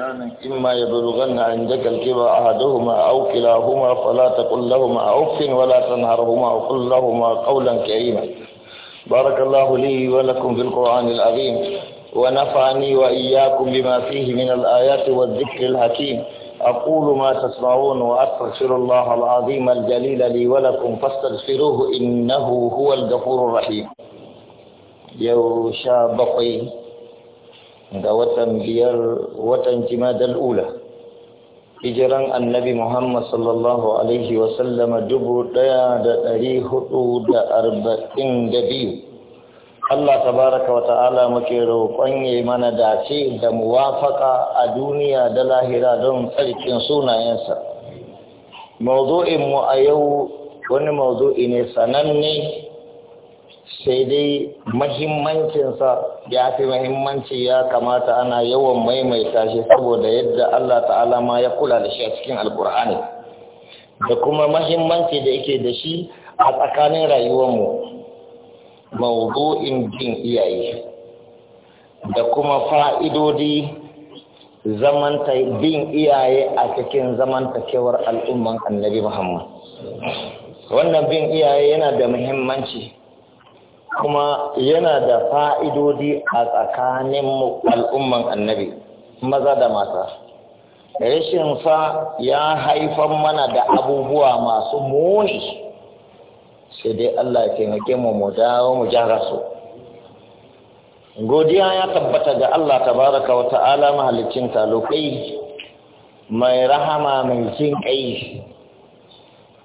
إحسانا إما يبلغن عندك الكبر أحدهما أو كلاهما فلا تقل لهما أف ولا تنهرهما وقل لهما قولا كريما بارك الله لي ولكم في القرآن العظيم ونفعني وإياكم بما فيه من الآيات والذكر الحكيم أقول ما تسمعون وأستغفر الله العظيم الجليل لي ولكم فاستغفروه إنه هو الغفور الرحيم يوشا بقي ga watan biyar watan jimadal ula hijiran annabi muhammad sallallahu alaihi wasallama dubu daya da dari hudu da arba'in da biyu allah tabaraka wa ta'ala muke roƙon ya mana dace da muwafaka a duniya da lahira don tsarkin sunayensa mawdu'in mu a yau wani mawdu'i ne sananne sai dai mahimmancinsa ya fi mahimmanci ya kamata ana yawan maimaita shi saboda yadda Allah ta'ala ma ya kula da shi a cikin alkur'ani da kuma mahimmanci da yake da shi a tsakanin rayuwarmu mawuzo'in jin iyaye da kuma fa'idodi zamanta bin iyaye a cikin zamantakewar al'umman annabi Muhammad. Wannan bin iyaye yana da muhimmanci kuma yana da fa'idodi a tsakanin al'umman annabi maza da mata rashinsa ya haifan mana da abubuwa masu muni sai dai Allah ya taimake mu mu dawo mu gyara su godiya ya tabbata ga Allah tabaraka wa ta'ala mahalicin talokai mai rahama mai jin kai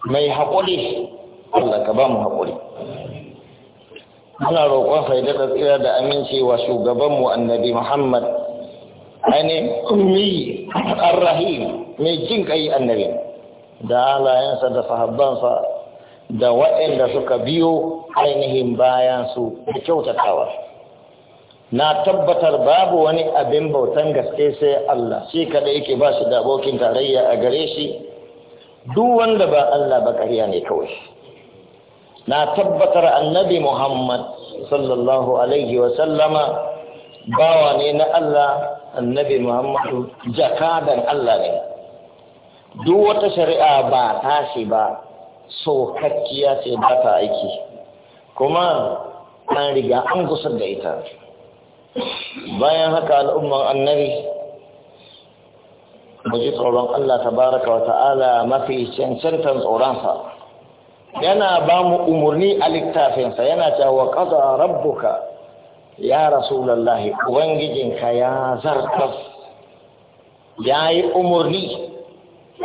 mai haƙuri Allah ka ba mu haƙuri muna roƙon faida tsira da aminci wa mu annabi Muhammad ainihin ummi arrahim mai jin kai annabi da halayensa da sahabbansa da waɗanda suka biyo ainihin bayan su da kyautatawa na tabbatar babu wani abin bautan gaske sai Allah shi kada yake ba shi da abokin tarayya a gare shi duk wanda ba Allah ba ƙarya ne kawai na tabbatar annabi Muhammad sallallahu alaihi sallama bawa ne na Allah annabi Muhammadu jakadan Allah ne duk wata shari'a ba tashi ba sokakkiya ce ba ta aiki kuma an riga an gusar da ita bayan haka al'umman annabi mu ji tsoron Allah tabaraka wa ta'ala mafi cancantar tsoronsa yana ba mu umarni a littafinsa yana cewa ƙasa rabbuka ya rasulallahi ubangijinka ya zartas ya yi umarni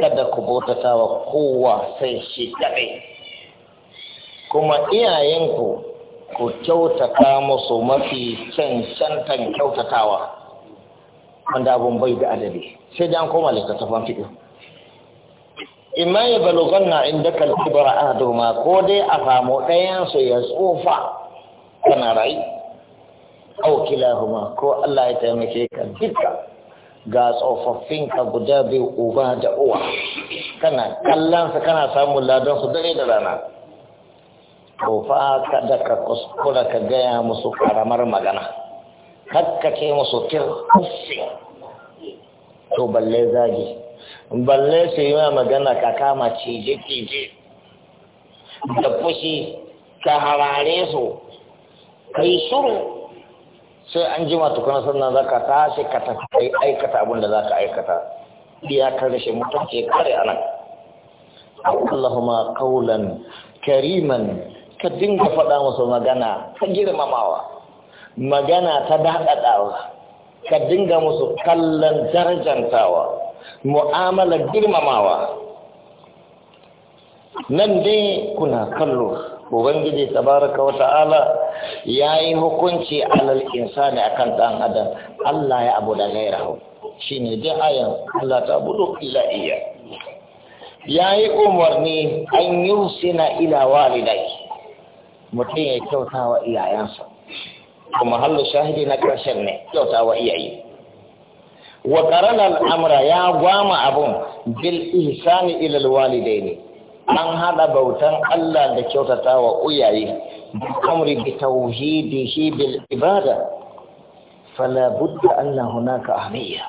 kada ku bautata wa kowa sai shi kaɗai kuma iyayenku ku kyautata musu mafi cancantan kyautatawa wanda abun bai da adadi sai da an koma littattafan fiɗin imma ya balughanna indaka al-kibra ahaduhuma ko dai a samu ɗayan su ya tsufa kana rai aw ko Allah ya taimake ka duka ga tsofaffin ka guda biyu uba da uwa kana kallon kana samun ladan su dare da rana to fa kada ka kuskura ka gaya musu karamar magana hakka ke musu kirkusi to balle zagi balle su yi magana ka kama cije-cije da fushi ka harare su yi shuru sai an jima tukuna sannan za ka tashi ka tafi aikata abin da za ka aikata iyakar rashin mutunci kare anan Allahumma kaulan kariman ka dinga faɗa musu magana ta girmamawa magana ta daɗaɗawa ka dinga musu kallon darajantawa mu'amala girmamawa nan dai kuna kallo ubangiji tabaraka wa ta'ala yi hukunci alal insani akan dan adam Allah ya abu da gairahu ne dai ayan Allah ta abudu illa iya yi umarni an yusina ila walidai mutum ya kyauta wa iyayensa kuma hallu shahidi na karshen ne kyauta wa iyaye wa qarana amra ya gwama abun bil ihsani ila ne. an hada bautan Allah da kyautata wa uyaye amri bi tauhidihi bil ibada fala budda anna hunaka ahmiya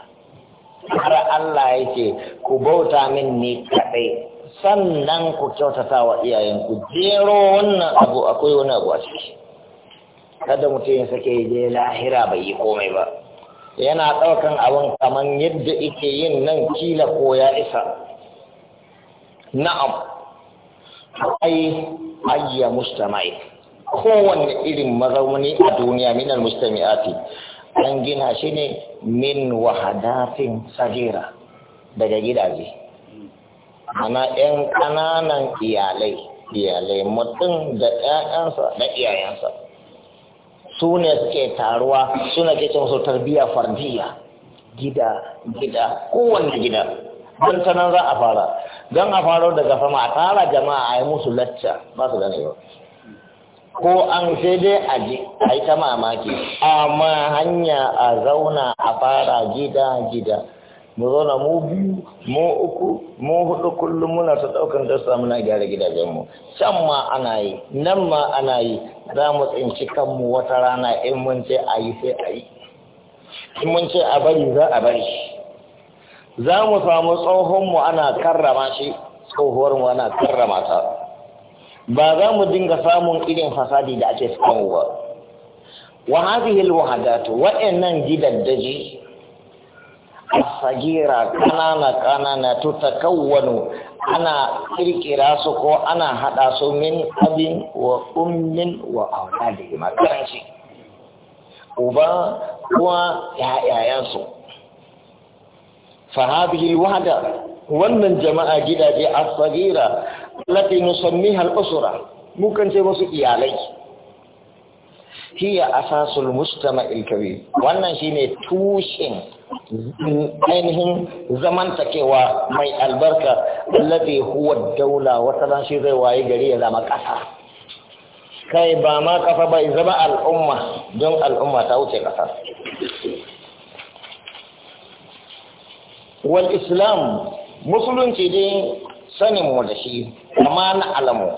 har Allah yake ku bauta min ne kadai sannan ku kyautata wa iyayenku jero wannan abu akwai wani abu a ciki kada mutum ya sake je lahira bai yi komai ba yana ɗaukan abin kamar yadda ike yin nan kila ko ya isa na'am ai ayya mustama'i kowanne irin mazauni a duniya minal mustami'ati an gina shi ne min wahadafin sagira daga gidaje ana 'yan ƙananan iyalai iyalai mutum da 'ya'yansa da iyayensa su ne suke taruwa suna ke cin su tarbiyya farjiya gida gida kowanne gida don ta nan za a fara don a faro daga fama a tara jama'a a yi musu lacca ba su gane yau ko an sai dai a ji a yi ta mamaki amma hanya a zauna a fara gida gida mu zauna mu biyu mu uku mu hudu kullum muna ta daukan darsa muna gyara gidajenmu can ma ana yi nan ma ana yi za mu tsinci kanmu wata rana in mun ce a yi sai a yi in mun ce a bari za a bari za mu samu tsohonmu ana karrama shi tsohuwar mu ana karrama ta ba za mu dinga samun irin fasadi da ake samu ba wa hadhihi alwahadat wa'annan gidaddaji asagira kanana kanana takawwanu ana kirkira su ko ana hada su min abin wa ummin wa auladi makaranci uba kuwa yayayansu su hadhihi Wahda, wannan jama'a gidaje asagira lati nusammiha al-usra mukan ce musu iyalai hiya asasul mujtama'il kabir wannan shine tushin. ainihin zamantakewa mai albarka allazi huwa daula wata ran shi zai waye gari ya zama ƙasa kai ba ma kafa ba zama al'umma don al'umma ta wuce ƙasa wal islam musulunci dai sanin mu da shi amma na alamu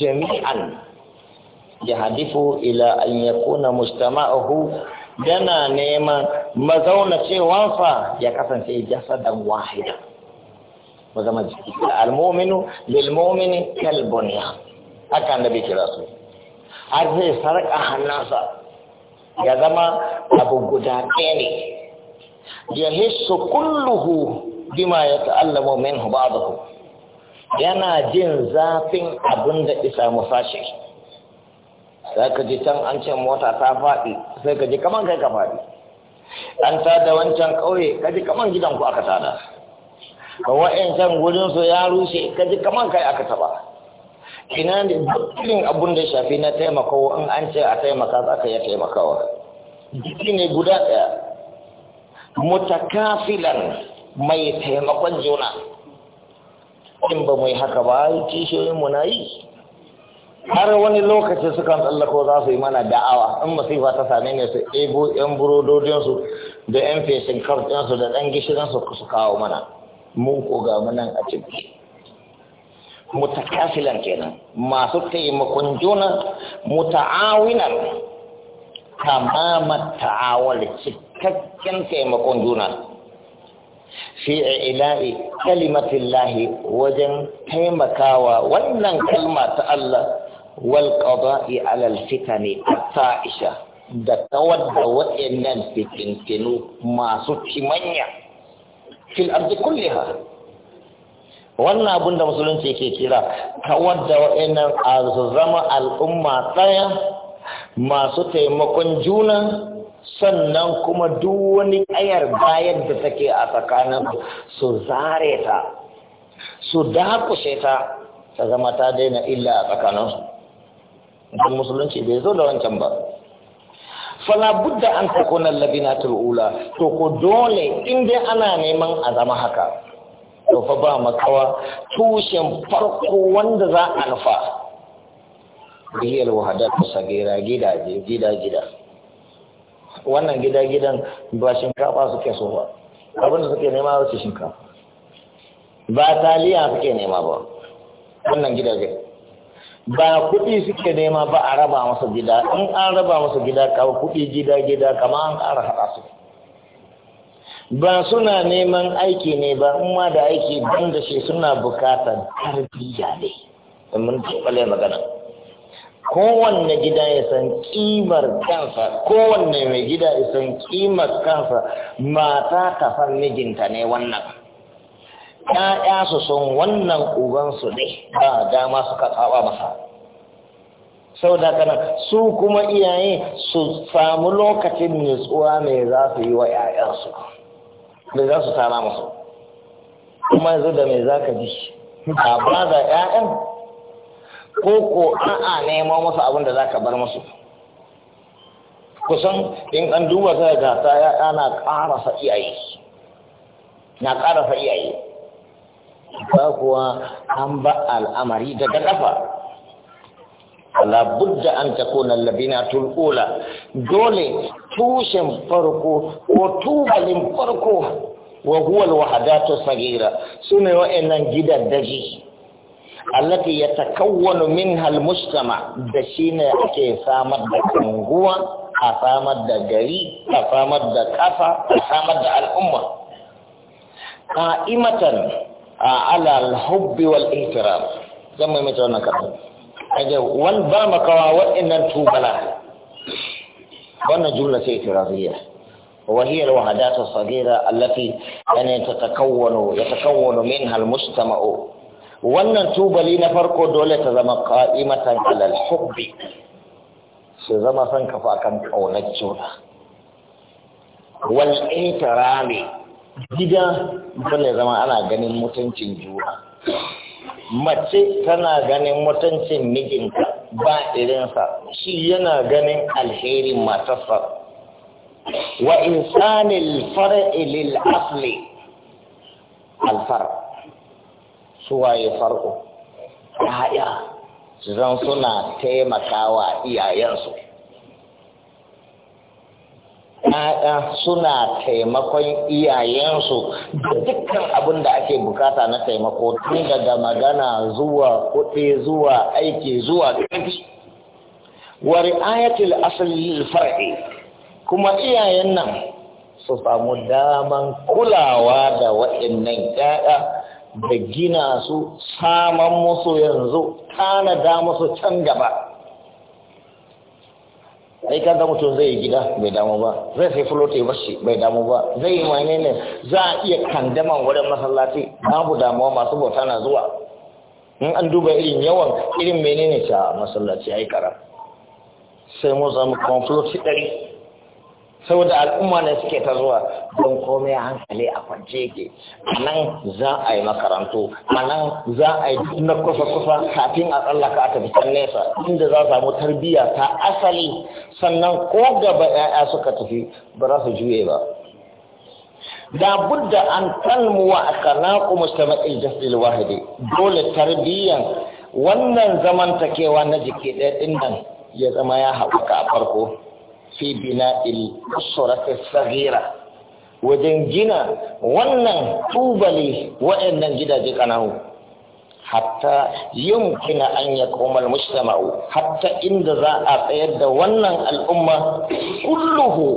jami'an ya hadifu ila an yakuna mustama'uhu yana neman mazaunacewansa ya kasance jasadan wahida ba zama jiki al-mu'minu lil mu'mini haka annabi kira su har zai sarƙa hannunsa ya zama abu guda ɗaya ne ya hissu kulluhu bima ya ta'allamu minhu ba'dahu yana jin zafin abinda da isa musashi sai ka ji can an ce mota ta faɗi sai ka ji kaman kai ka faɗi an tada wancan ƙauye ka ji kaman gidanku aka tada ba wa'yancan gurin su ya rushe ka ji kaman kai aka taba ina ne dukkanin abun da shafi na taimakawa in an ce a taimaka za ka iya taimakawa jiki ne guda ɗaya mutakafilan mai taimakon juna in ba mu yi haka ba kishiyoyin mu na yi har wani lokaci sukan tsallako za su yi mana da'awa in masifa ta same ne su ebo yan burodojinsu da yan feshin karfinsu da ɗan gishirinsu su kawo mana mun koga munan a ciki mutakasilan kenan masu taimakon juna muta'awinan kama mata'awar cikakken taimakon juna fi ila'i kalimatillahi wajen taimakawa wannan kalma ta Allah والقضاء على الفتن الطائشة da kawar da waɗannan fitintinu masu kimanya fil ardi kulliha wannan abin da musulunci ke kira kawar da waɗannan a zama al'umma ɗaya masu taimakon juna sannan kuma duk wani ayar bayan da take a tsakanin su zare ta su dakushe ta ta zama ta daina illa a tsakaninsu don musulunci bai zo da wancan ba fala budda an takuna labinatul ula to ko dole in dai ana neman a zama haka to fa ba makawa tushen farko wanda za a nufa biyar wahadar kusa gera gidaje gida gida wannan gida gidan ba shinkafa suke so ba abinda suke nema wace shinkafa ba taliya suke nema ba wannan gidaje ba kuɗi suke nema ba a raba masa gida in an raba masa gida kawo kuɗi gida gida kama an ƙara haɗa su ba suna neman aiki ne ba in ma da aiki ban da shi suna bukatar tarbiyya ne mun taɓale magana kowanne gida ya san kimar kansa kowanne mai gida ya san kimar kansa mata ta san mijinta ne wannan ya'ya su sun wannan ubansu ne ba dama suka tsawa masa sau da kana su kuma iyaye su samu lokacin nutsuwa mai za su yi wa 'ya'yansu mai za su tara musu kuma yanzu da mai za ka ji a ba da 'ya'yan ko ko a'a neman musu abin da za ka bar masu kusan in an duba ta gata ya ana karasa iyaye na karasa iyaye ba kuwa an ba al'amari daga kafa labudda an takuna labina tulula dole tushen farko ko tubalin farko wa huwa alwahdatu sagira sune wa'annan ya ta yatakawwanu min halmustama da shi ne ake samar da kanguwa a samar da gari a samar da kafa a samar da al'umma Ka'imatan. على الحب والاعتراف زي ما متى انا كده اجي وان با ما كوا وان جمله اعتراضيه وهي الوهدات الصغيره التي يعني تتكون يتكون منها المجتمع وان توبلي na farko dole ta zama qa'imatan alal hubbi sai zama san kafa gida dole zama ana ganin mutuncin juna mace tana ganin mutuncin mijinta ba irinsa shi yana ganin alherin matarsa wa insanil far'i lil asli al far suwaye farko ya'ya su zan suna taimakawa iyayensu ‘ya'ya suna taimakon iyayensu da dukkan abin da ake bukata na taimako tun daga magana zuwa kuɗi zuwa aiki zuwa ƙarfi. wa ayatul asali far'i kuma iyayen nan su samu daman kulawa da waɗannan ‘ya'ya da gina su saman musu yanzu tanada musu can gaba. ai ka ga mutum zai yi gida bai damu ba zai sai fulote bashi bai damu ba zai yi mane ne za a iya kandaman wurin masallaci babu damuwa masu bauta na zuwa in an duba irin yawan irin menene ta masallaci ai kara sai mu zama kuma fulote ɗari saboda al'umma ne suke ta zuwa don komai hankali a kwance yake a nan za a yi makarantu a nan za a yi na kusa-kusa kafin a tsallaka a tafi can nesa inda za samu tarbiyya ta asali sannan ko gaba 'ya'ya suka tafi ba za su juye ba labudda an tanmuwa a kanaku mustama'il jasil wahidi dole tarbiyyan wannan zamantakewa na jiki ɗaya ɗin nan ya zama ya haɓaka a farko fi bina'il surati saghira wajen gina wannan tubali waɗannan gidaje kanahu hatta kina an ya al mustama'u hatta inda za a tsayar da wannan al'umma kulluhu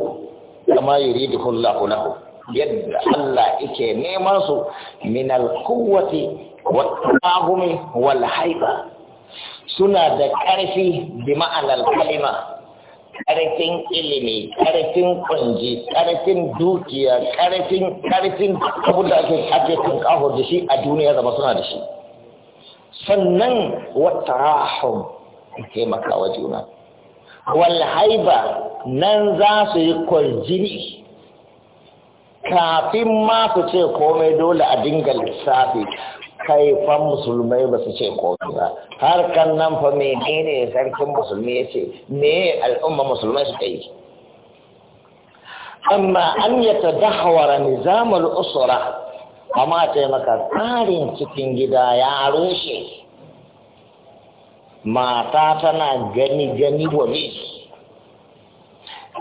kama yuriduhu Allah nahu yadda Allah yake neman su min al-quwwati wat wal-haiba suna da ƙarfi bi ma'anar kalima ƙarfin ilimi ƙarfin kwanji ƙarfin dukiya ƙarfin ƙarfin abin da ake ake tunƙaho da shi a duniya zama suna da shi sannan wata rahon taimaka wa juna wal haiba nan za su yi kwarjini kafin ma su ce komai dole a dinga lissafi kaifan musulmai ba su ce kofi ba har kan nan fa menene sarkin musulmi ya ce me al'umma musulmai suka yi amma an yi ta dahawara nizamul usura amma taimaka tsarin cikin gida ya rushe mata tana gani gani wa miji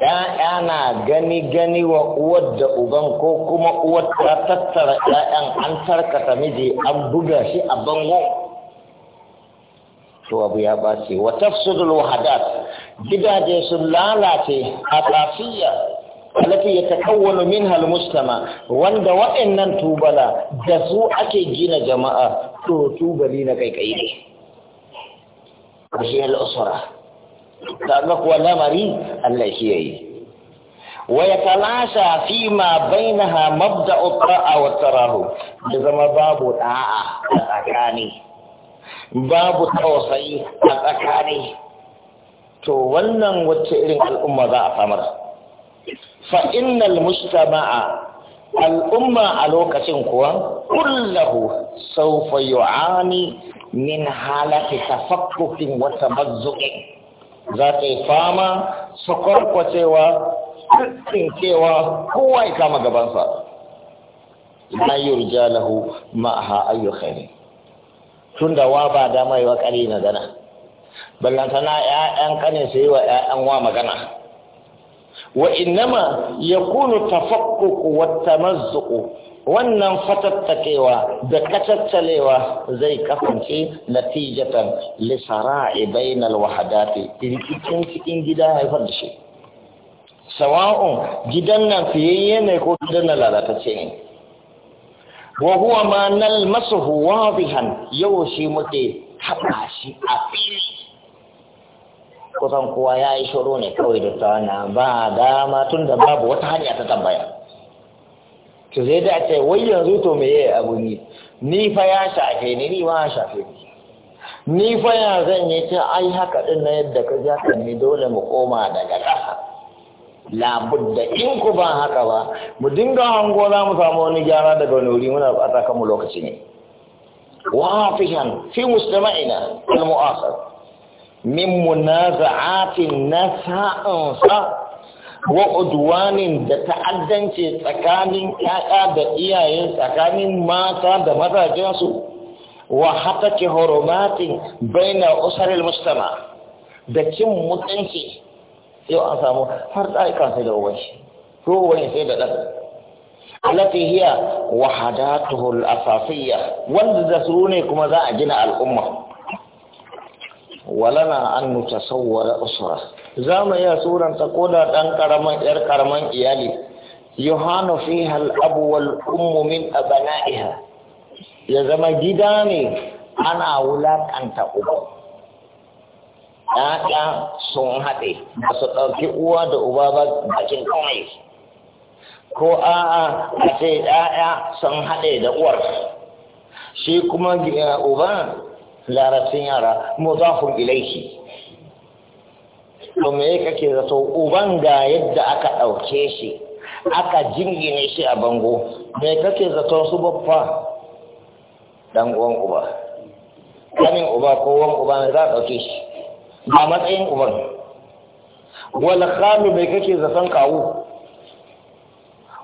‘ya'ya na gani gani wa uwar da uban ko kuma uwar ta tattara ‘ya'yan an tarkata miji an buga shi a bango to abu ya ɓace wa tafsirul wahadat gidaje sun lalace a tafiya alati ya takawwano min halmustama wanda waɗannan tubala da su ake gina jama'a to tubali na kaikai ne. Rashin al'usura. kaga kuwa lamari Allah shi yayi wa yatalasha fi ma bainaha mabda'u ta'a wa tarahu da zama babu da'a a tsakani babu tausayi a tsakani to wannan wacce irin al'umma za a samar fa innal mujtama'a al'umma a lokacin kuwa kullahu sawfa yu'ani min halati tafakkukin wa tabazzuqin za ta yi fama sakwarkwacewa cewa kowa ya kama gabansa na yi yurja lahu ma'aha kai tun da wa ba dama yi wa ƙari na gana? magana na ‘ya'yan ƙanin su yi wa ‘ya'yan wa magana wa innama ya kunu tafakkuku wa tamazzuku wannan fatattakewa da kacaccalewa zai kasance natijatan lisara'i bainal wahadati rikicin cikin gida haifar da shi sawa'un gidan nan fiyayye ne ko gidan nan lalatacce ne wa huwa ma nalmasuhu wadihan yau shi muke haɗa shi a fili kusan kowa ya yi shuru ne kawai da ta ba dama tun da babu wata hanya ta tambaya to zai da ce wai yanzu to me yayi abu ni ni fa ya shafe ni ni ma shafe ni ni fa ya zan yi ta ai haka din na yadda ka ja kan ni dole mu koma daga ƙasa budda in ku ba haka ba mu dinga hango za mu samu wani gyara daga wani wuri muna bata kan mu lokaci ne wa fi mustama'ina al-mu'asar min munaza'atin sa' wa udwanin da ta'addanci tsakanin ƴaƴa da iyaye tsakanin mata da mazajensu wa ke horomatin baina usaril mustama da cin mutunci yau an samu har ɗaika sai da uwan ko wani sai da ɗan alati hiya wahadatuhul asasiyya wanda da su ne kuma za a gina al'umma walana an sauwara usura. za mu iya suranta ko da ɗan ƙaramin 'yar ƙaramin iyali yohana fi hal abuwal ummu min ya zama gida ne ana wulaƙanta uba ‘ya'ya sun haɗe ba su ɗauki uwa da uba ba bakin kawai. ko a'a a ce ‘ya'ya sun haɗe da uwar shi kuma eh, uba larabcin yara mudafun ilaihi to me kake zato uban ga yadda aka ɗauke shi aka jingine shi a bango me kake zato su babba dan uwan uba kanin uba ko uwan uba ne za a ɗauke shi a matsayin uban wala khalu me kake zaton kawo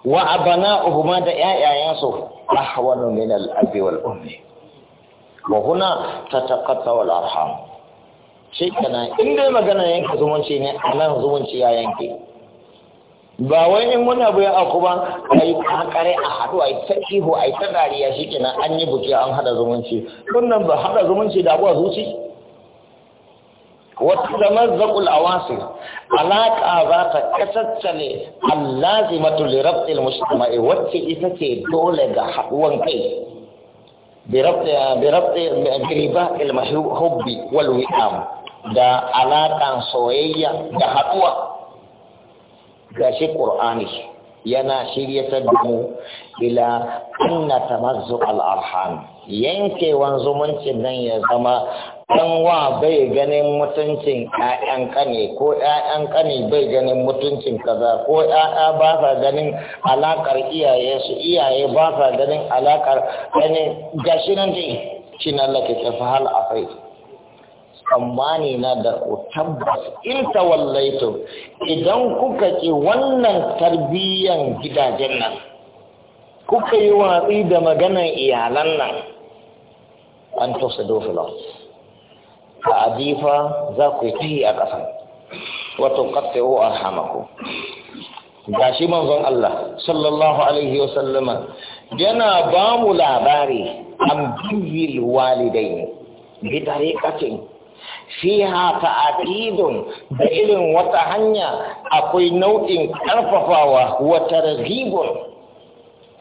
wa abana uhuma da ƴaƴayensu ahwanu min al-abi wal ummi wa huna tataqatta wa larham shi kana in dai magana yanke zumunci ne a nan zumunci ya yanke ba wai in muna a aku ba yi kakare a haɗu yi ta ihu yi ta dariya kina an yi buki an haɗa zumunci wannan ba hada zumunci da abuwa zuci alaƙa وتتمزق ta علاقة ذات كسرتني اللازمة wacce ita ce dole ga haɗuwan kai? بربط بربط برباء المحب والوئام da alaƙan soyayya da haɗuwa gashi ƙur'ani yana shiryatar da mu ila anna tamazzu al-arham yankewan zumuncin nan ya zama ɗan wa bai ganin mutuncin 'ya'yan kane ko ƴaƴan kane bai ganin mutuncin kaza ko 'ya'ya ba sa ganin alaƙar iyaye su iyaye ba sa ganin alaƙar ɗani gashi nan dai shi na lake fi hal a tsammani na da ku tabbas in ta wallaito idan kuka ki wannan tarbiyyan gidajen nan kuka yi watsi da maganar iyalan nan an tosa dofilos a adifa za ku yi tahi a ƙasa wato katsewo a hamaku ga shi manzon Allah sallallahu alaihi wa sallama yana ba mu labari an biyil walidai bi tariqatin fiha ta'aqidun da irin wata hanya akwai nau'in karfafawa wa targhibun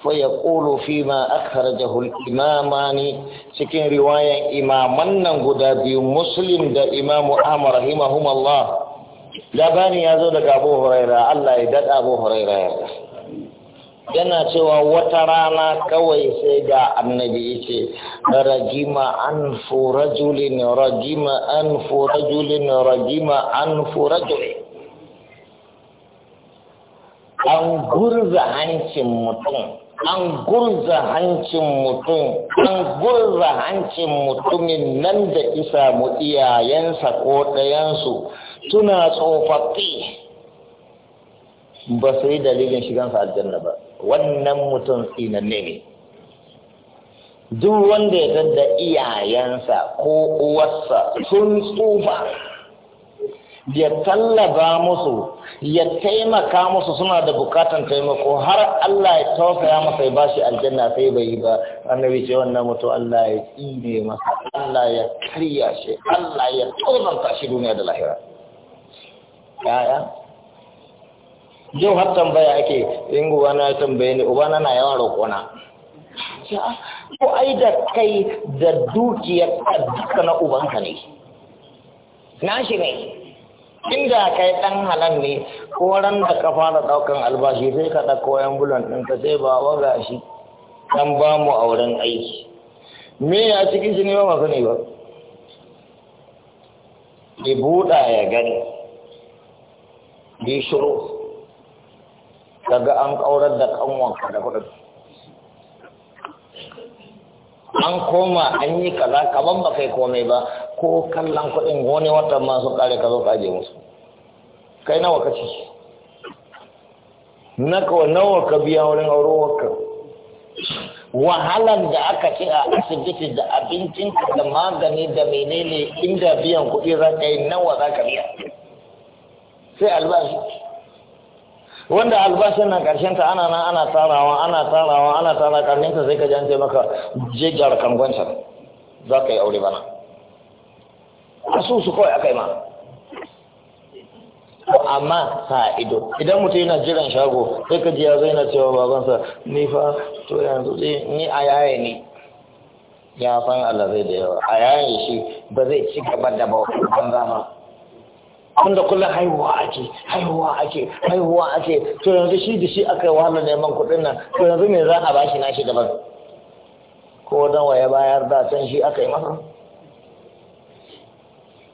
fayaƙolo fi ma aka rajahul imamani cikin riwayan imaman nan guda biyu muslim da imamu amur rahimahumallah labani ya zo daga abu huraira allah ya daɗa abu huraira yarda yana cewa wata rana kawai sai ga annabi ya ce an gurza hancin mutum an gurza hancin mutum an gurza hancin mutumin nan da isa mu iyayensa ko ɗayansu suna tsofaffi ba su yi dalilin shigansa aljanna ba wannan mutum tsinanne ne duk wanda ya da iyayensa ko uwarsa sun tsufa ya tallaba musu ya taimaka musu suna da bukatan taimako har Allah ya tausaya masa ya bashi aljanna sai bai yi ba annabi ce wannan mutu Allah ya tsine masa Allah ya karya shi Allah ya tozanta shi duniya da lahira yaya yau har tambaya ake in ubana na tambaye ni ubana na yawan roƙona ko ai da kai da dukiyar duka na ubanka ne na shi ne inda kai dan halal ne ko ran da ka fara daukan albashi sai ka da koyan bulan din ka sai ba wa gashi dan ba mu auren aiki me ya cikin shi ne ba masu ne ba ya buɗa ya gani ya shiru daga an ƙaurar da ƙanwanka da kuɗin an koma an yi kaza kaban ba kai komai ba ko kallon kuɗin wani watan masu ƙare ka zo ka musu kai nawa ka ci naka nawa ka biya wurin waka wahalan da aka ce a asibiti da abincin ka da magani da menene inda biyan kuɗi za ka yi nawa za ka biya sai albashi wanda albashin na ƙarshen ta ana nan ana tarawa ana tarawa ana tara ƙarshen ta sai ka jance maka je jihar kangwancan za ka yi aure bana so su kawai aka yi ma amma sa ido idan mutum yana jiran shago sai ka ji ya zai na cewa babansa ni fa to yanzu ni a yaye ne ya san Allah zai da yawa a yaye shi ba zai ci gaba da ba. zama da kullum haihuwa ake haihuwa ake haihuwa ake to yanzu shi da shi aka yi wahalar neman kuɗin nan to yanzu me za a bashi nashi daban ko dan ya bayar da can shi aka yi masa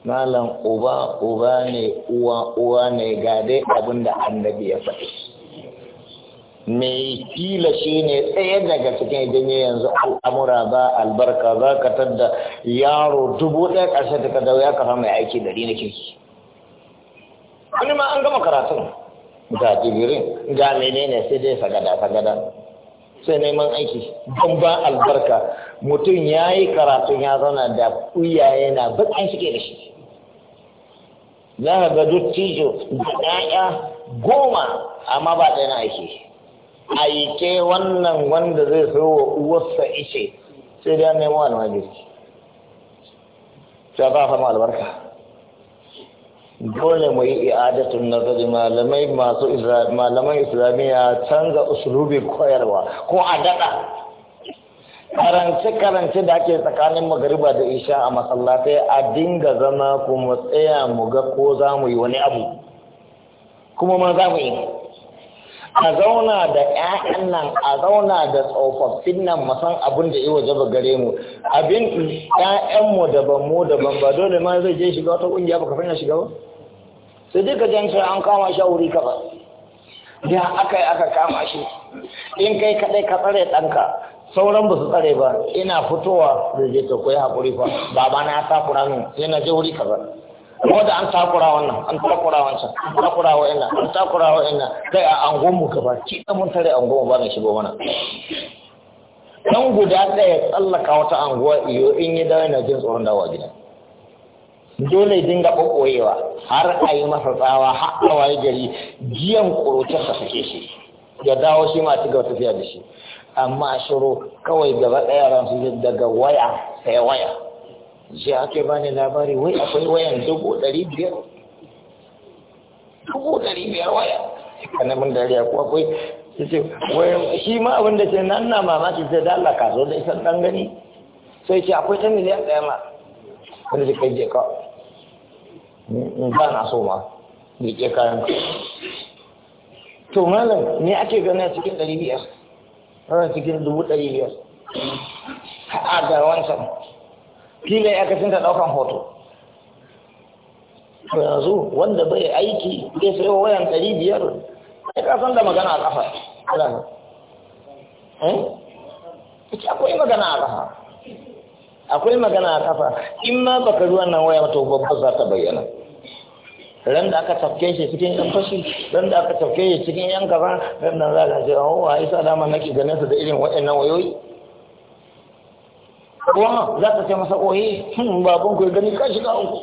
malam uba uba ne uwa uwa ne ga dai abin annabi ya faɗi mai kila shi ne tsaye daga cikin ya yanzu al'amura ba albarka za ka tadda yaro dubu ɗaya ƙarshe ta kadau ya kafa mai aiki dari na kirki wani ma an gama karatun ga digirin ga menene sai dai sagada sagada sai neman aiki don ba albarka mutum ya yi karatun ya zauna da kuya yana bakin shi da shi za ka ga dottijo da ɗaya goma amma ba ɗaya na aiki aike wannan wanda zai so wa uwarsa ishe sai dai an nemo almajiri ta ba fama albarka dole mu yi i'adatun nazari malamai masu malamai islamiyya canza usulubi koyarwa ko a daɗa karance-karance da ake tsakanin magariba da isha a masallatai a dinga zama kuma tsaya mu ga ko za mu yi wani abu kuma ma za mu yi a zauna da 'ya'yan nan a zauna da tsofaffin nan masan abin da iwa jaba gare mu abin 'ya'yanmu daban mu daban ba dole ma zai je shiga wata ƙungiya ba kafin ya shiga ba sai dai ka jan an kama shi a wuri kafa Ya aka yi aka kama shi in kai kaɗai ka tsare ɗanka sauran ba su tsare ba ina fitowa da je ka koyi haƙuri fa baba na ya takura min sai na je wuri ba ko da an takura wannan an takura wancan an takura wa ina an takura wa ina kai a angonmu ka gaba ki da mun tare angon ba na shigo mana dan guda ɗaya tsallaka wata anguwa iyo in yi dawo na jin tsoron dawowa gida dole dinga ɓoɓɓoyewa har a yi masa tsawa har a waye gari jiyan ƙurucin ka sake shi ya dawo shi ma ci gaba tafiya da shi amma shiru kawai gaba ɗaya ransu daga waya sai waya shi ake bani labari wai akwai wayan dubu ɗari biyar dubu ɗari biyar waya kana mun dariya ko akwai ce wayan shi ma abin da ce nan na mamaki sai da Allah ka zo da isan dan gani sai ce akwai ta miliyan ɗaya ma wanda da kai je ka ba na so ma da ke kayan to malam me ake gani a cikin ɗari biyar ana cikin dubu ɗari biyar a ga wancan kila ya kasin ta ɗaukan hoto yanzu wanda bai aiki zai sai wayan ɗari biyar ai ka san da magana a ƙafa alaha eh ita akwai magana a ƙafa akwai magana a ƙafa in ma baka zuwa nan waya to babba za ta bayyana ran da aka tafke shi cikin yan fashi ran da aka tafke shi cikin yan kaza ran da za ka ce oh wa isa dama nake ganin su da irin waɗannan wayoyi kuma za ka ce masa oye hin hmm, baban ku gani ka shiga uku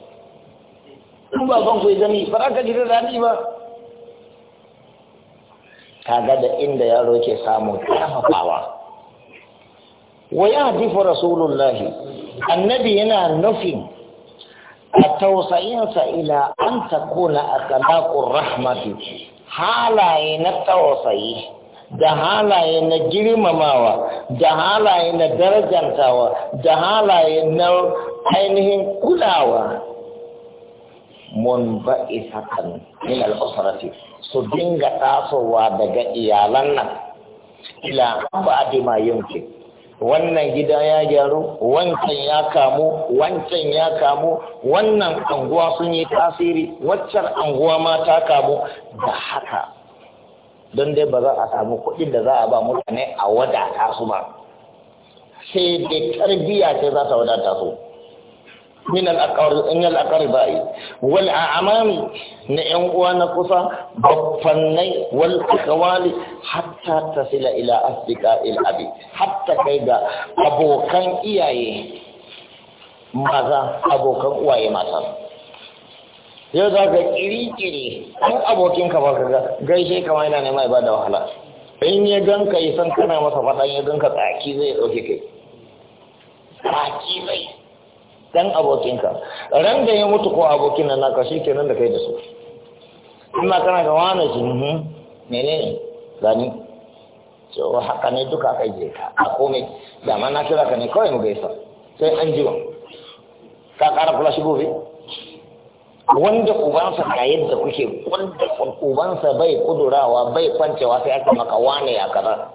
hin hmm, baban ku gani ba za ka ji da daɗi ba kaga da inda yaro ke samun ƙarfafawa. wa ya hadifu rasulullahi annabi yana nufin a tausayinsa ila an ta kuna a kalakun rahmatu halaye na tausayi da halaye na girmamawa da halaye na darajantawa da halaye na ainihin kulawa mun ba'i hakan min al'usrati su dinga tasowa daga iyalan nan ila ba ma yankin. wannan gida ya gyaru wancan ya kamu wancan ya kamu wannan anguwa sun yi tasiri waccan anguwa ma ta kamu da haka don dai ba za a samu kuɗin da za a ba mutane a wadata su ba sai dai tarbiyya sai za ta wadata su min al-aqarba'i wal a'mami na yan uwa na kusa baffannai wal akhwali hatta tasila ila asdiqa il abi hatta kai ga abokan iyaye maza abokan uwaye mata yau za ka kiri-kiri an abokin ka baka ga gaishe kama yana nema ba da wahala in ya gan ka yi san kana masa faɗan ya gan ka tsaki zai ɗauke kai tsaki zai dan abokinka ran da ya mutu ko abokin nan naka shi kenan da kai da su amma kana ga wani shi mhm, ne gani to haka ne duka kai je ka a kome da ma na kira ka ne kawai mu gaisa sai an ji ka kara kula shi gobe wanda ubansa ka yadda kuke wanda ubansa bai kudurawa bai kwancewa sai aka maka wane ya kaza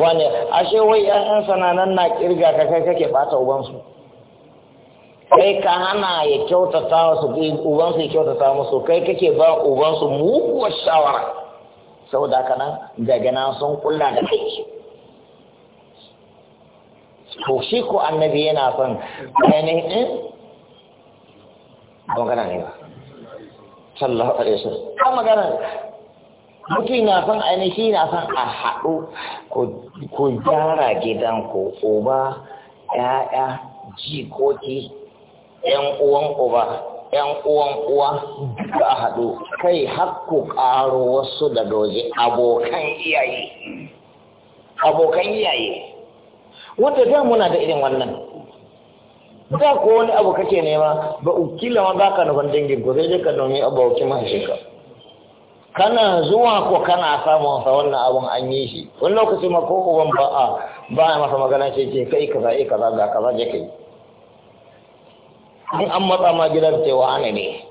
wane ashe wai 'ya'yansa na nan na kirga ka kai kake bata ubansu kai ka hana ya kyautata wasu ubansu ya kyautata musu kai kake ba ubansu muguwar shawara saboda haka nan daga nan sun kulla da kai to shi ko annabi yana son ainihin din ba magana ne ba sallallahu alaihi wasallam ba magana mutum na son ainihi na son a haɗu ko gyara gidanku uba ya'ya jikoki yan uwan uba yan uwan uwa duka a haɗu kai hakku ƙaro wasu da doje abokan iyaye abokan iyaye wanda da muna da irin wannan da ko wani abu kake nema ba ukila ma ba ka nufan dangin ko sai ka nomi abokin mahaifinka kana zuwa ko kana samun sa wannan abun an yi shi wani lokaci ma ko uban ba a ba a masa magana ce ke kai kaza kaza ga kaza je kai an matsa ma gidan cewa ana ne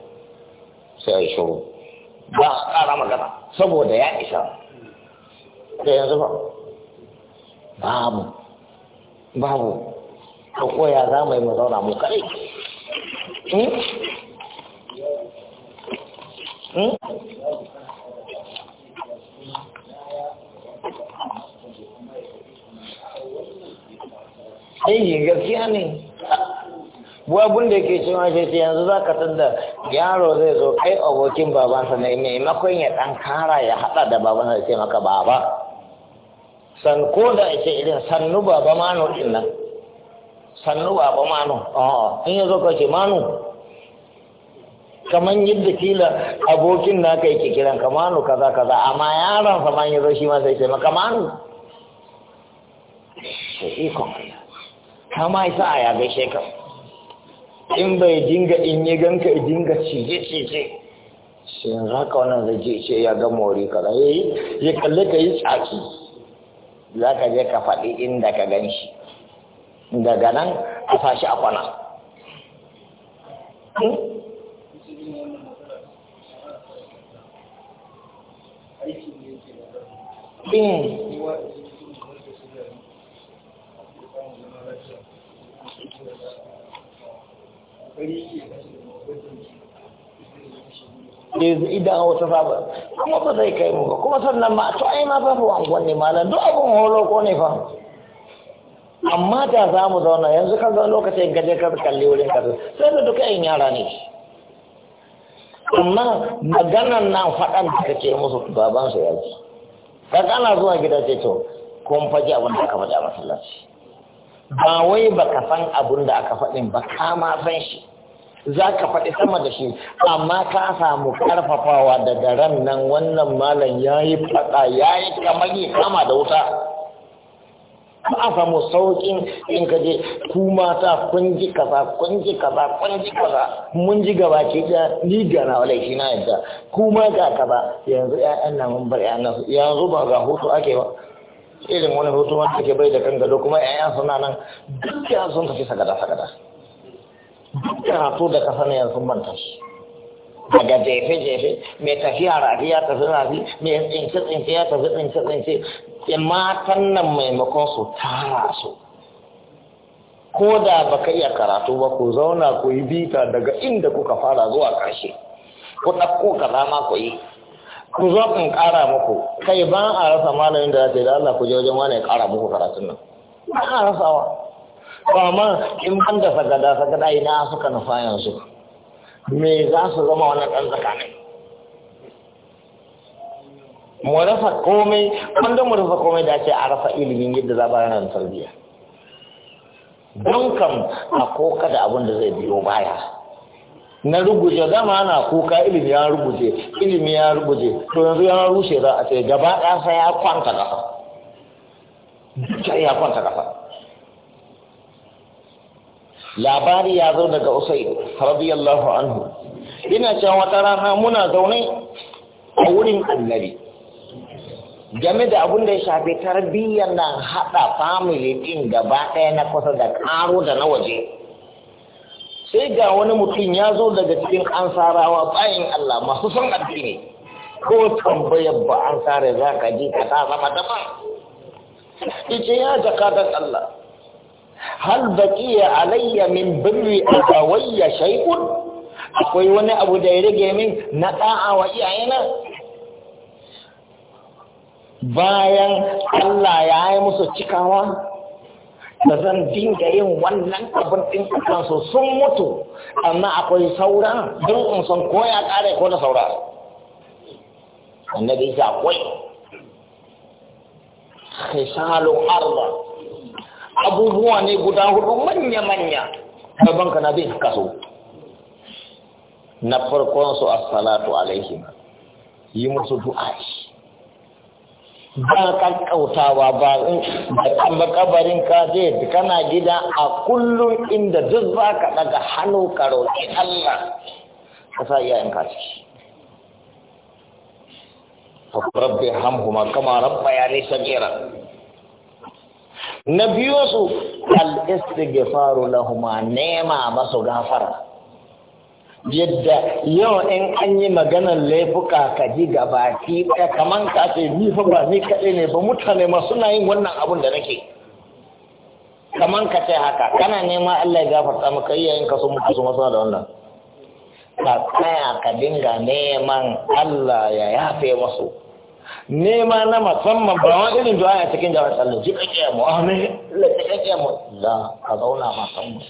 sai a shuru ba a ƙara magana saboda ya isa da yanzu ba babu babu ka koya za mu yi mu zauna mu kare hmm? hmm? Ai, gaskiya ne, wa abun da yake cewa shi sai yanzu za ka tunda yaro zai zo kai abokin babansa ne maimakon ya dan kara ya hada da babansa ya ce maka baba san ko da ce irin sannu baba mano din nan sannu baba mano a'a in ya zo ka ce mano kamar yadda kila abokin na kai ke kiran ka mano kaza kaza amma yaron fa man ya zo shi ma sai sai maka mano sai iko Allah kama isa a ya gaishe ka in bai dinga in yi ganka ya dinga cije-cije sai haka wannan zai ce ce ya ga mori kaza ya yi ya kalli ka yi tsaki za ka je ka faɗi inda ka gan shi daga nan a shi a kwana in hmm? hmm. yanzu idan wata saba kuma ba zai kai mu ba kuma sannan ma to ai ma fa fa wangon ne malam duk abin horo ko ne fa amma ta za mu zauna yanzu ka ga lokacin gaje ka kalli wurin ka sai da duka yin yara ne amma maganan nan faɗan da kake musu baban su yaji ka ana zuwa gida ce to kun faɗi abin da aka faɗi a masallaci ba wai baka san abin da aka faɗin ba ka ma san shi za ka faɗi sama da shi amma ka samu karfafawa daga ran nan wannan malam ya yi faɗa ya yi kamar yi kama da wuta ba a samu sauƙin in ka je ku mata kun ji kaza kun ji kaza kun ji kaza mun ji gaba ke da ni ga na wala shi na yadda ku ma ga kaza yanzu ƴaƴan nan mun bar ƴaƴan yanzu ba ga hoto ake ba irin wani hutu wanda ke bai da kan gado kuma ƴaƴan suna nan duk ƴaƴan sun tafi sagada sagada duk karatu da ka sani yanzu banta shi daga jefe-jefe mai tafiya rafi ya tafi rafi mai tsince-tsince ya tafi tsince-tsince matan nan maimakon su tara su ko da ba ka iya karatu ba ku zauna ku yi bita daga inda kuka fara zuwa ƙarshe ku ɗauko ka zama ku yi ku zo in ƙara muku kai ba a rasa malamin da ya ce da Allah ku je wajen wani ya ƙara muku karatun nan ba a rasawa ba ma in ban da sagada sagada ina suka nufa yanzu me za su zama wani ɗan tsakanin mu rasa komai wanda mu rasa komai da ake a rasa ilimin yadda za da tarbiyya don kam a koka da abin da zai biyo baya na rubuce dama ana kuka ilimi ya rubuce, ilimi ya rubuce. to yanzu ya rushe za a ce gaba ɗasa ya kwanta ƙasa ya kwanta ƙasa labari ya zo daga usaid radiyallahu anhu ina cewa wata rana muna zaune a wurin annabi game da abun da ya shafi tarbiyyar na haɗa family ɗin gaba ɗaya na kusa da karo da na waje sai ga wani mutum ya zo daga cikin ansarawa bayan Allah masu son addini ko tambayar ba ansare za ka ji ka ta zama daban ice ya jakadan Allah hal baqiya alayya min birri abawayya shay'un akwai wani abu da ya rage min na da'a wa iyayena bayan Allah ya yi musu cikawa da zan dinga yin wannan abin din kansu sun mutu amma akwai saura don in san ko ya kare ko da saura annabi ya akwai khisalu arba abubuwa ne guda hudu manya-manya gaban ka na bin kaso na farkon su assalatu alaihim yi musu du'a'i ba kankautawa ba ba kabarin ka zai kana gida a kullum inda duk za ka daga hannu ka roƙi Allah ka sa iyayen ka fa rabbi hamhuma kama rabba ya nisa na biyu su al na huma nema masu gafara yadda yau in an yi maganar laifuka ka ji baki ɗaya kaman ka ce ni fa ba ni kaɗai ne ba mutane ma suna yin wannan abun da nake kaman ka ce haka kana nema Allah ya gafarta maka iya ka sun muku su masa da wannan ka tsaya ka dinga neman Allah ya yafe masu nema na musamman ba wani irin du'a a cikin jawar sallah ji kake mu amin la kake mu la ka zauna ma san mu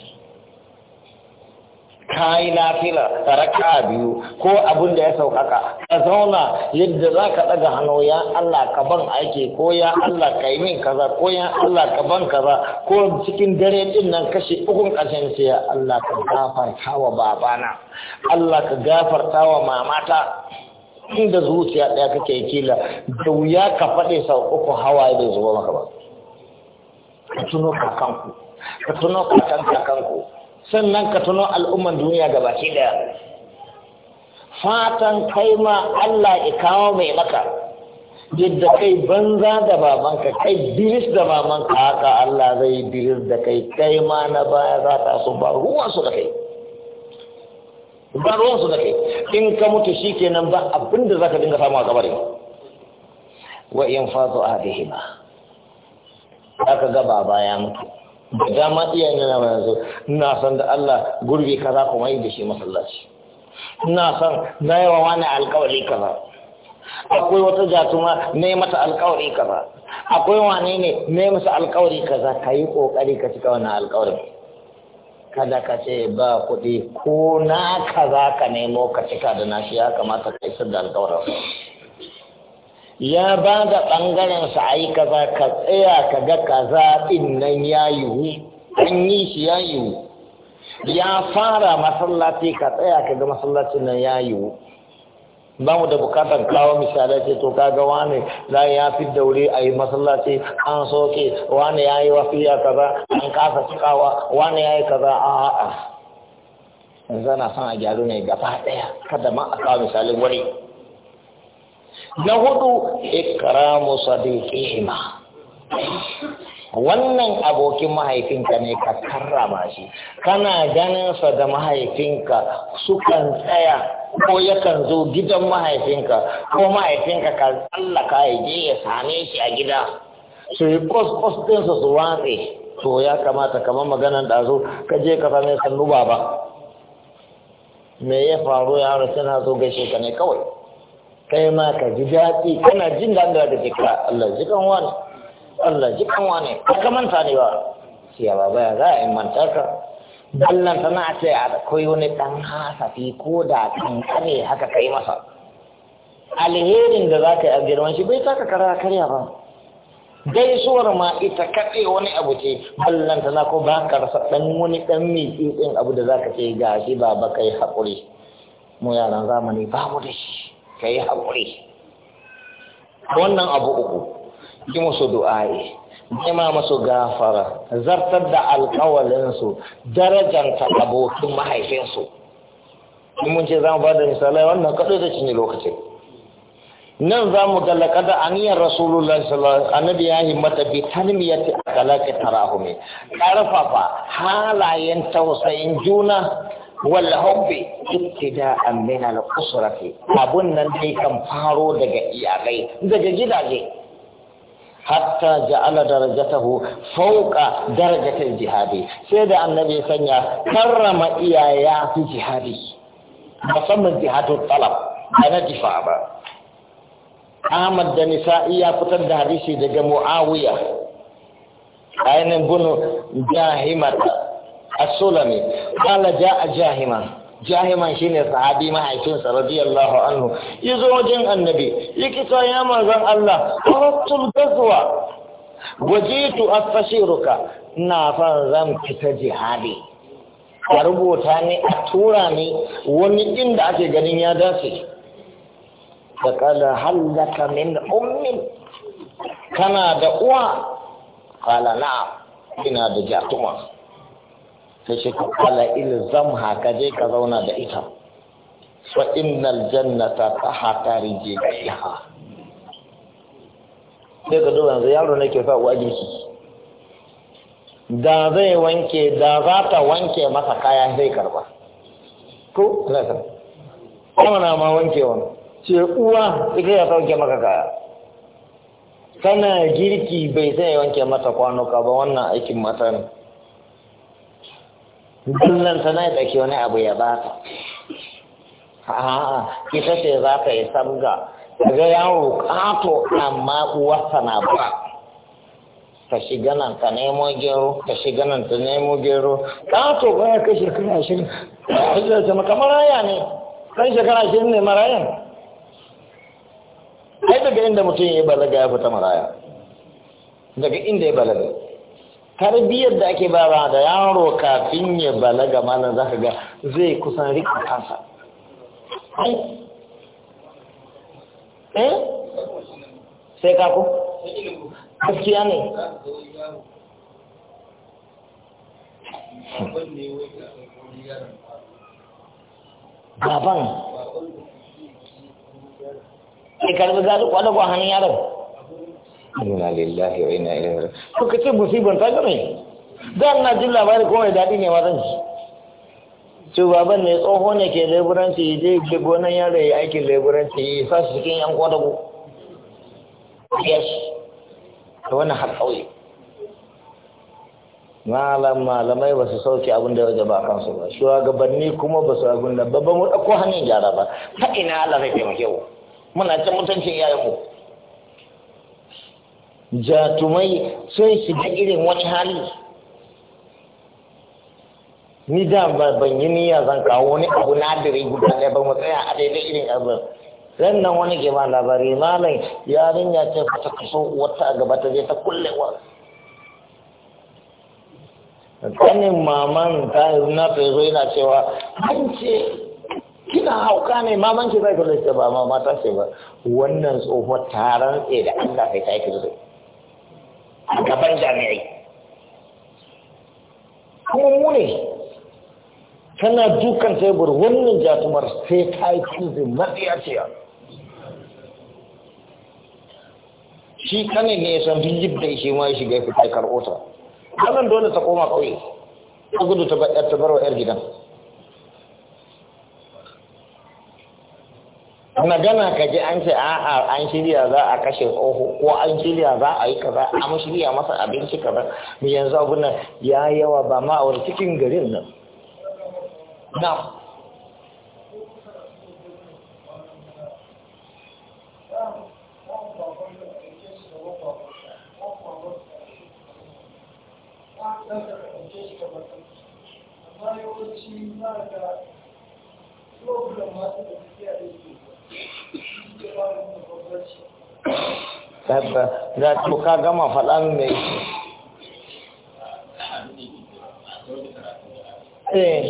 kayi nafila raka biyu ko abin da ya saukaka ka zauna yadda za ka ɗaga hannu ya Allah ka ban aiki ko ya Allah ka yi min kaza ko ya Allah ka ban kaza ko cikin dare din nan kashe ukun ƙarshen sai ya Allah ka gafarta wa babana Allah ka gafarta wa mamata inda zuciya ɗaya kake kila da wuya ka faɗe sau uku hawaye bai zuwa maka ba ka tuno kakanku ka tuno kakan kakanku sannan ka tuno al'umman duniya gabaki ɗaya fatan kai ma Allah ya kawo mai maka yadda kai banza da babanka kai biris da babanka haka Allah zai biris da kai kai ma na baya za ta so ba ruwa su da kai ba ruwan su da kai in ka mutu shi kenan ba abinda za ka dinga samu a kabarin wa in fazo a aka ga baba ya mutu da dama iyayen yana ba yanzu ina san da Allah gurbi kaza kuma yi da shi masallaci ina san na yawa wani alkawari kaza akwai wata jatuma na yi mata alkawari kaza akwai wane ne na yi masa alkawari kaza ka yi kokari ka cika wani alkawarin kada ka ce ba kuɗi ko na ka za ka nemo ka cika da nashi ya kamata ka isar da alkawarin ya ba da ɓangaren sa a kaza ka tsaya ka ga kaza ɗin nan ya yiwu an yi shi ya yiwu ya fara masallaci ka tsaya ka ga masallacin nan ya yiwu ba mu da bukatar kawo misalai ce to kaga wane zai ya fi daure a yi masallaci an soke wane ya yi wasiya kaza an kasa cikawa wane ya yi kaza a a yanzu na son a gyaru ne gaba ɗaya kada ma a kawo misalin wani na hudu ikramu sadiqihima wannan abokin mahaifinka ne ka karrama shi kana ganinsa da mahaifinka sukan tsaya ko yakan zo gidan mahaifinka ko mahaifinka ka tsallaka ya je ya same shi a gida su yi kwas ɗinsa su watse to ya kamata kamar maganan ɗazu ka je ka same sannu baba me ya faru ya yaro tana zo gaishe ka ne kawai kai ma ka ji daɗi kana jin an da ka Allah ji kan wani Allah ji kan wane, ba ka manta ne ba shi ya baya za a yi manta ka ballan sana ce a koyi wani ɗan hasafi ko da kare haka kai masa alherin da za ka yi a girman shi bai taka kara karya ba gaisuwar ma ita kaɗe wani abu ce ballan sana ko ba ka rasa ɗan wani ɗan mai tsitsin abu da za ka ce ga shi ba ba ka yi haƙuri mu yaran zamani babu da shi ka yi haƙuri wannan abu uku yi musu du'a'i nema musu gafara zartar da alkawalinsu darajanta abokin mahaifinsu in mun ce za mu ba da misalai wannan kaɗai da cinye lokaci. nan za mu ga laƙada aniyar rasulullah sallallahu annabi ya himmata bi tanmiyati akalaki tarahumi karfafa halayen tausayin juna wal hubbi ittida'an min al usrati abun nan dai kan faro daga iyalai daga gidaje حتى جعل درجته فوق درجة الجهاد سيد النبي سنيا كرم إيايا في جهاد مصمم جهاد الطلب أنا دفاع با أحمد دنسا إيا فتن دهريسي دجا معاوية أين نقول جاهمة السلمي قال جاء جاهمة jahiman shine sahabi mahaifinsa radiyallahu anhu yazo wajen annabi likita ya manzon Allah tarattul gazwa wajitu astashiruka na fan zan fita jihadi a rubuta ne a tura ne wani inda ake ganin ya dace da kala hallaka min ummin kana da uwa kala na'am ina da jatuma sai shi ka kala ilzamha ka je ka zauna da ita fa innal jannata tahta rijliha sai ka duba yanzu yaro ne ke sa uwa jiki. da zai wanke da za ta wanke masa kaya zai karba ko nasar kuma na ma wanke wani ce uwa ita ya sauke maka kaya kana girki bai sai wanke mata kwanuka ba wannan aikin mata ne dullan sana ya ɗauki wani abu ya ba a'a ita ce za ka yi sabga daga yaro kato amma uwarsa na ba ka shiga nan ka nemo gero ka shiga nan ta nemo gero ƙato baya kai shekara ya hajjar ta maka maraya ne kan shekara shi ne marayan ai daga inda mutum ya balaga ya fita maraya daga inda ya balaga tarbiyyar da ake ba da yaro kafin ya balaga malam zaka ga zai kusan riƙe kansa eh sai ka ku gaskiya ne baban sai karbi zaɗi kwaɗa kwa hannun yaron inna lillahi wa inna ilaihi raji'un to kace musibin ta game dan na jin labarin ko mai dadi ne ma zan to baban ne tsoho ne ke leburanci je ke gonan yare yi aikin leburanci sa shi cikin yan kwadago yes to wannan har kauye malam malamai ba su sauke abin da waje ba kansu ba shugabanni kuma ba su abin da babban mu dauko hannun gyara ba ta ina Allah zai taimake mu muna cin mutuncin yayin mu jatumai sun shiga irin wani hali ni da ban yi niyya zan kawo wani abu na dare guda ɗaya ba mu tsaya a daidai irin abin nan wani ke ma labari malam yarinya ce ta kaso wata a gaba ta je ta kullewa kanin maman ta na ta yana cewa an ce kina hauka ne maman ki zai kula ce ba mama ta ce ba wannan tsohon taron tsaye da Allah kai ta yi a gaban jami'ai kuma mu tana dukan tebur wannan jatumar sai ta yi cizin matsiyaciyar shi kanin ne san yi da shi ma ya shiga ya fita karɓo ta wannan dole ta koma ƙauye ta gudu ta bar wa 'yar gidan magana ka ji an ce a'a an shirya za a kashe oho ko an shirya za a yi kaza an shirya masa abinci kaza mu yanzu abun nan ya yawa ba ma a wani cikin garin nan na Thank you. da ka gama faɗan mai eh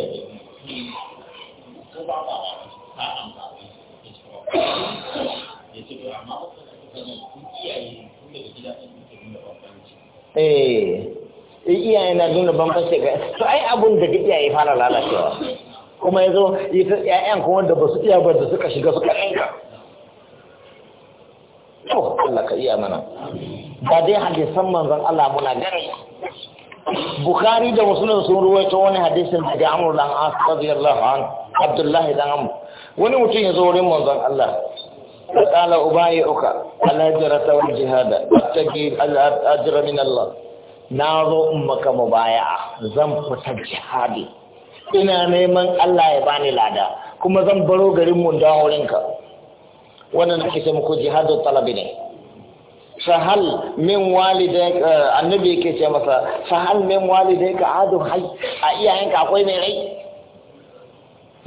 Eh, nuna ga, to ai abun daga iyaye fara lalacewa. kuma ya zo ‘ya'yan kuma da ba su iya ba da suka shiga suka ɗanka to Allah ka iya mana ba dai hadisan manzon Allah muna gani Bukhari da Muslim sun ruwaito wani hadisin daga Amr dan As radiyallahu an Abdullah dan Amr wani mutum ya zo wurin manzon Allah qala ubayyuka al-hijrata wal jihada wattaqi al min Allah na zo in maka mubaya'a zan fita jihadi ina neman Allah ya bani lada kuma zan baro garin mu wurin ka wannan ake ce muku jihadu talabi ne fahal min walidai annabi yake ce masa sahal min walidai ka adu hay a ka akwai mai rai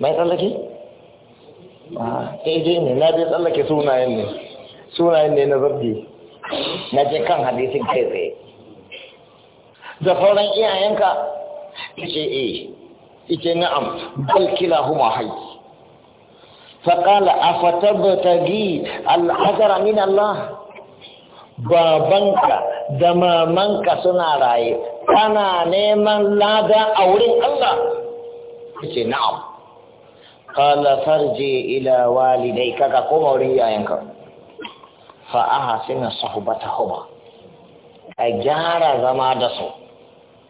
mai tsallake eh ah, daidai ne na bi tsallake sunayen ne sunayen ne na zabbi na je kan hadisin kai tsaye da sauran ka ce eh ita na'am bal kilahuma hayy faqala afatabtagi al'azara min Allah babanka da mamanka suna raye kana neman lada a wurin Allah ce na'am qala farji ila walidayka ka koma wurin yayanka fa ahsina sahbatahuma a gyara zama da su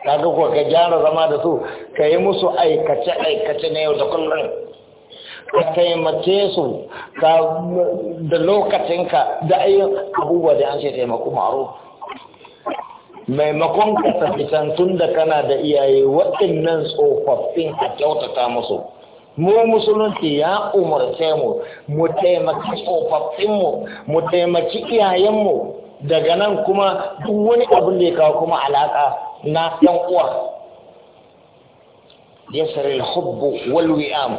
kaga kuwa ka gyara zama da su ka yi musu aikace aikace na yau da kullum ka taimake su da lokacinka da ayyan abubuwa da an ce taimako maro maimakon ka tafi can tun da kana da iyaye waɗannan tsofaffin a kyautata musu mu musulunci ya umarce mu mu taimaki tsofaffinmu mu taimaki iyayenmu daga nan kuma duk wani abin da ya kawo kuma alaƙa na yan uwa ya sare hubbu wal wi'am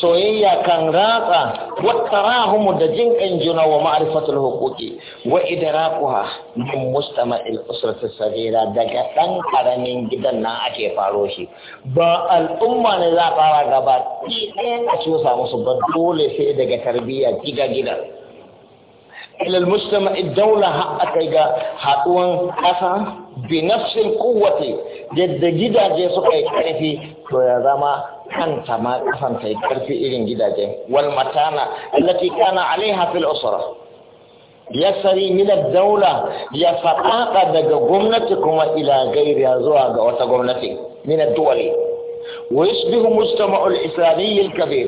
soyayya kan ratsa wa tarahumu da jin juna wa ma'rifatul huquqi wa idraquha min mustama'il usrati sagira daga dan karamin gidan nan ake faro shi ba al'umma ne za fara gaba ne a samu musu ba dole sai daga tarbiyya gida gida ilal mujtama daula har kai ga haɗuwan ƙasa binafsin nafsin kowace yadda gidaje suka yi ƙarfi to ya zama kanta ma ƙasan ta yi irin gidaje wal matana allati kana alaiha fil usra yasari min ad ya fadaqa daga gwamnati kuma ila gairi zuwa ga wata gwamnati min ad-dawli wa yashbihu mujtama'u al-islami al-kabir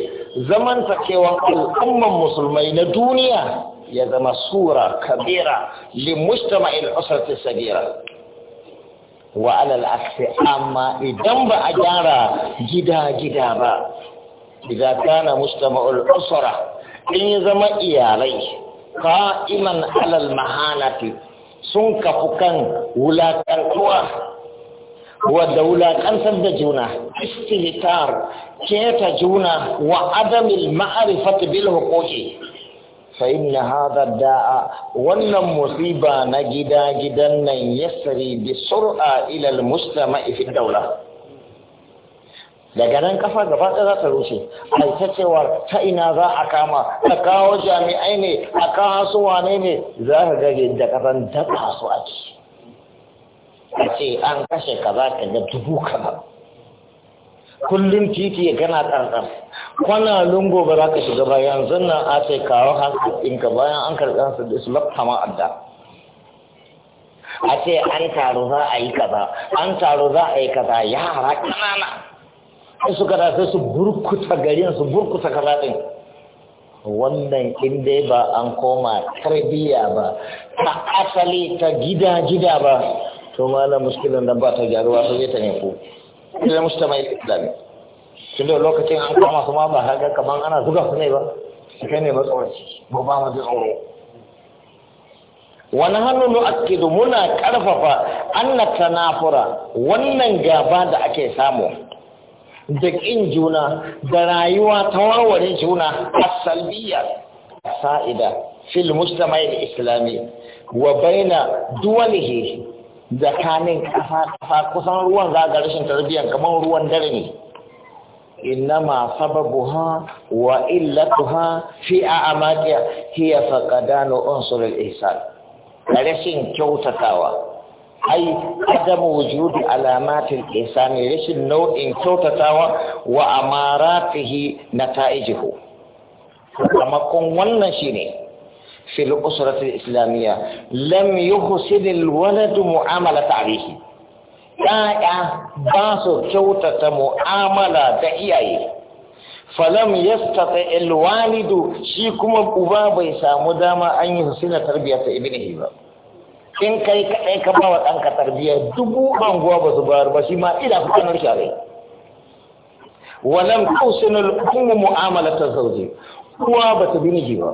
zaman takewan al'umman musulmai na duniya ya zama sura kabira li mujtama'il usrati sagira wa alal aksi amma idan ba a gyara gida-gida ba idan kana mujtama'ul usra in ya zama iyalai ka'iman alal mahanati sun kafu kan wulakantuwa wadda wulakantar da juna istihtar keta juna wa adamil ma'arifat bil huquqi fa inna hadha da'a wannan musiba na gida gidan nan yasri bi sur'a ila al daga nan kafa gaba ɗaya za ta rushe a ita cewa ta ina za a kama a kawo jami'ai ne a kawo su wane ne za ka gage da kasan daɗa su a a ce an kashe kaza ka ga dubu kaza kullum titi ya gana tsartsar kwana lungo ba za ka shiga ba yanzu nan a ce kawo haƙƙinka bayan an karɓi su da su lafta ma adda a ce an taro za a yi kaza an taro za a yi kaza yara ƙanana in suka da sai su burkuta garin su burkuta kaza din wannan in dai ba an koma tarbiyya ba ta asali ta gida gida ba to malam muskilin nan ba ta gyaruwa sai ta ne ko ila mustama'il islami ne lokacin an kama su ma ba haka kamar ana zuga su ne ba su kai ne matsawarci ba ba mu tsoro wani hannu nu akidu muna karfafa anna tanafura wannan gaba da ake samu da kin juna da rayuwa ta warware juna a asalbiya sa'ida fil da islami wa baina duwalihi tsakanin kafa kusan ruwan zagarashin rashin tarbiyyar kamar ruwan dare ne إنما سببها وإلتها في أعمالها هي فقدان عنصر الإحسان رشن كوتتاوى أي عدم وجود علامات الإحسان رشن نوع كوتتاوى وأماراته نتائجه كما كن ونن شيني في الأسرة الإسلامية لم يحسن الولد معاملة عليه ya'ya ba su kyautata mu'amala da iyaye falam tafi ilwalidu shi kuma uba bai samu dama an yi tarbiyyar ta ibnihi ba in kai kaɗai ka ba wa ɗanka tarbiyyar dubu anguwa ba su bayar ba shi ma ina kanar share walam tusinul mu'amala ta zawji uwa ba ta biniji ba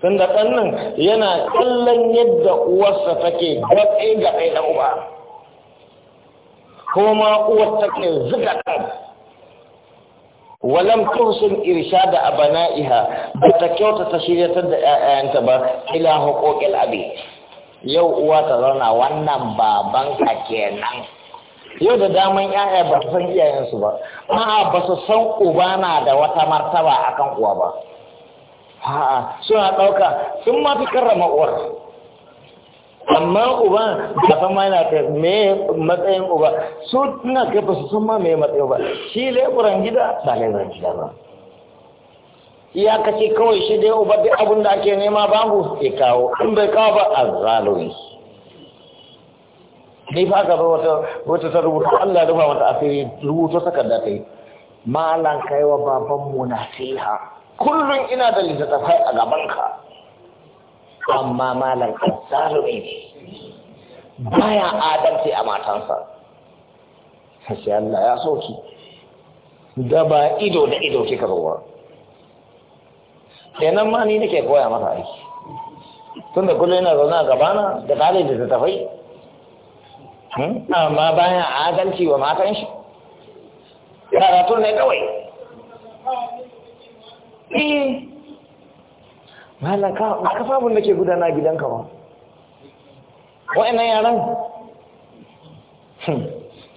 tunda ɗan nan yana kallon yadda uwarsa take gatsi gatsi ɗan uba Koma ma uwar take zuga ɗan walam tursun irshada abana'iha ba ta kyauta ta shiryatar da ƴaƴanta ba ila huquqil abi yau uwa ta zauna wannan babanka kenan yau da daman ƴaƴa ba su san iyayensu ba a'a ba su san uba na da wata martaba akan uwa ba Ha'a suna ɗauka sun ma fi karrama uwar amma uba da san ma yana ta me matsayin uba su tuna kai ba su san ma me matsayin ba shi leburan gida ba leburan gida ba iya kace kawai shi dai uba duk abin da ake nema babu ya kawo in bai kawo ba a azzalumi ni fa ka wata wata ta rubuta Allah rufa mata asiri rubuta takarda ta yi malan kaiwa baban mu ha. kullum ina da littattafai a gaban ka amma malam azzalumi ne baya adalci a matansa sai Allah ya soki da ba ido da ido kika ruwa kenan ma ni nake koya masa aiki tun da kullum yana zaune a gabana da kare da tafai amma bayan adalci wa matan shi tun ne kawai eh, malam ka abin da ke gudana a gidanka ba wa'annan yaran hmm.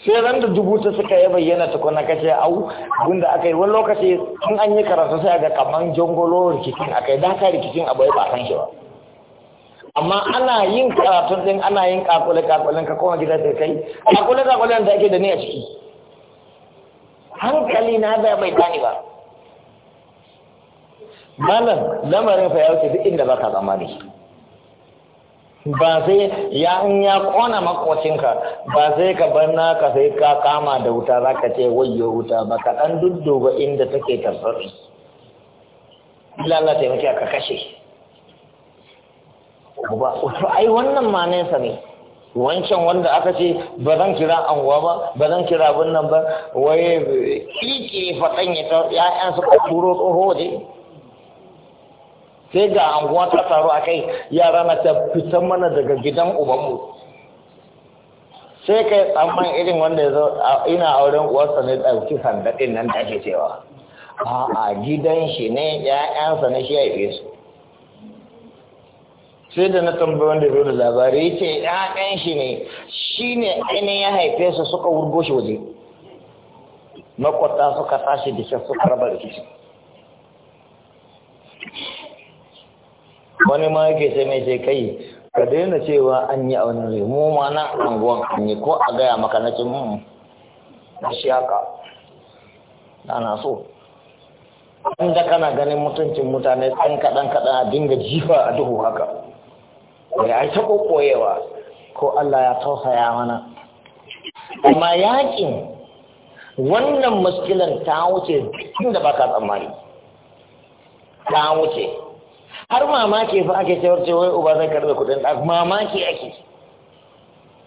sai ran da dubu ta suka yi bayyana ta kwana kace au gunda aka yi wani lokaci in an yi karatu sai ga kaman jongolo rikicin aka da daka rikicin abai ba san shi ba amma ana yin karatun din ana yin kakule kakulen ka koma gida sai kai kakule kakulen da ake da ni a ciki hankali na zai bai tani ba malam lamarin fa ya wuce duk inda baka tsammani ba sai ya in ya kona makocinka ba sai ka bar naka sai ka kama da wuta za ka ce wayyo wuta ba ka ɗan dudduba inda take tarzatsi lalata taimaki ka kashe ba wato ai wannan ma nesa ne wancan wanda aka ce ba zan kira anguwa ba ba zan kira abin nan ba wai kike faɗan ya ta 'ya'yan ka turo tsoho waje sai ga anguwa ta taru a kai yara na ta fitan mana daga gidan ubanmu sai kai tsamman irin wanda ya zo ina auren uwarsa ne ɗauki sandaɗin nan da ake cewa a gidan shi ne ya'yansa na shi haife su sai da na tambayi wanda ya zo da labari ya ce ya'yan shi ne shi ne ainihin ya haife su suka wurgo shi waje makwata suka tashi da shi suka raba da shi wani ma yake sai mai sai kai ka daina cewa an yi a wani mu ma na anguwan an yi ko a gaya maka na ce mun hmm, Na shi haka na so an da kana ganin mutuncin mutane ɗan kaɗan kaɗan a dinga jifa a duhu haka ya ai ta ƙoƙoyewa ko Allah ya tausaya mana amma yakin wannan muskilan ta wuce duk da baka tsammani ta wuce har mamaki fa ake cewar ce wai uba zai karɓe kuɗin ɗan mamaki ake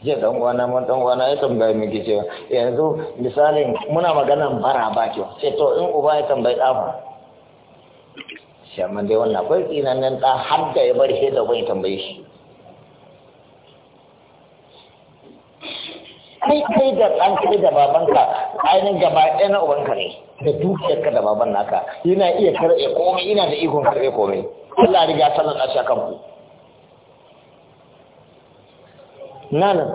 jiya dan uwana man dan uwana ya tambaye mu ke cewa yanzu misalin muna maganan bara ba ke ce to in uba ya tambayi ɗafa shi amma dai wannan akwai nan ɗa har da ya bar shi da bai tambaye shi kai kai da ɗan kai da babanka ainihin gaba ɗaya na ubanka ne da dukiyarka da baban naka yana iya karɓe komai yana da ikon karɓe komai Allah riga sanar a kan ku nan eh?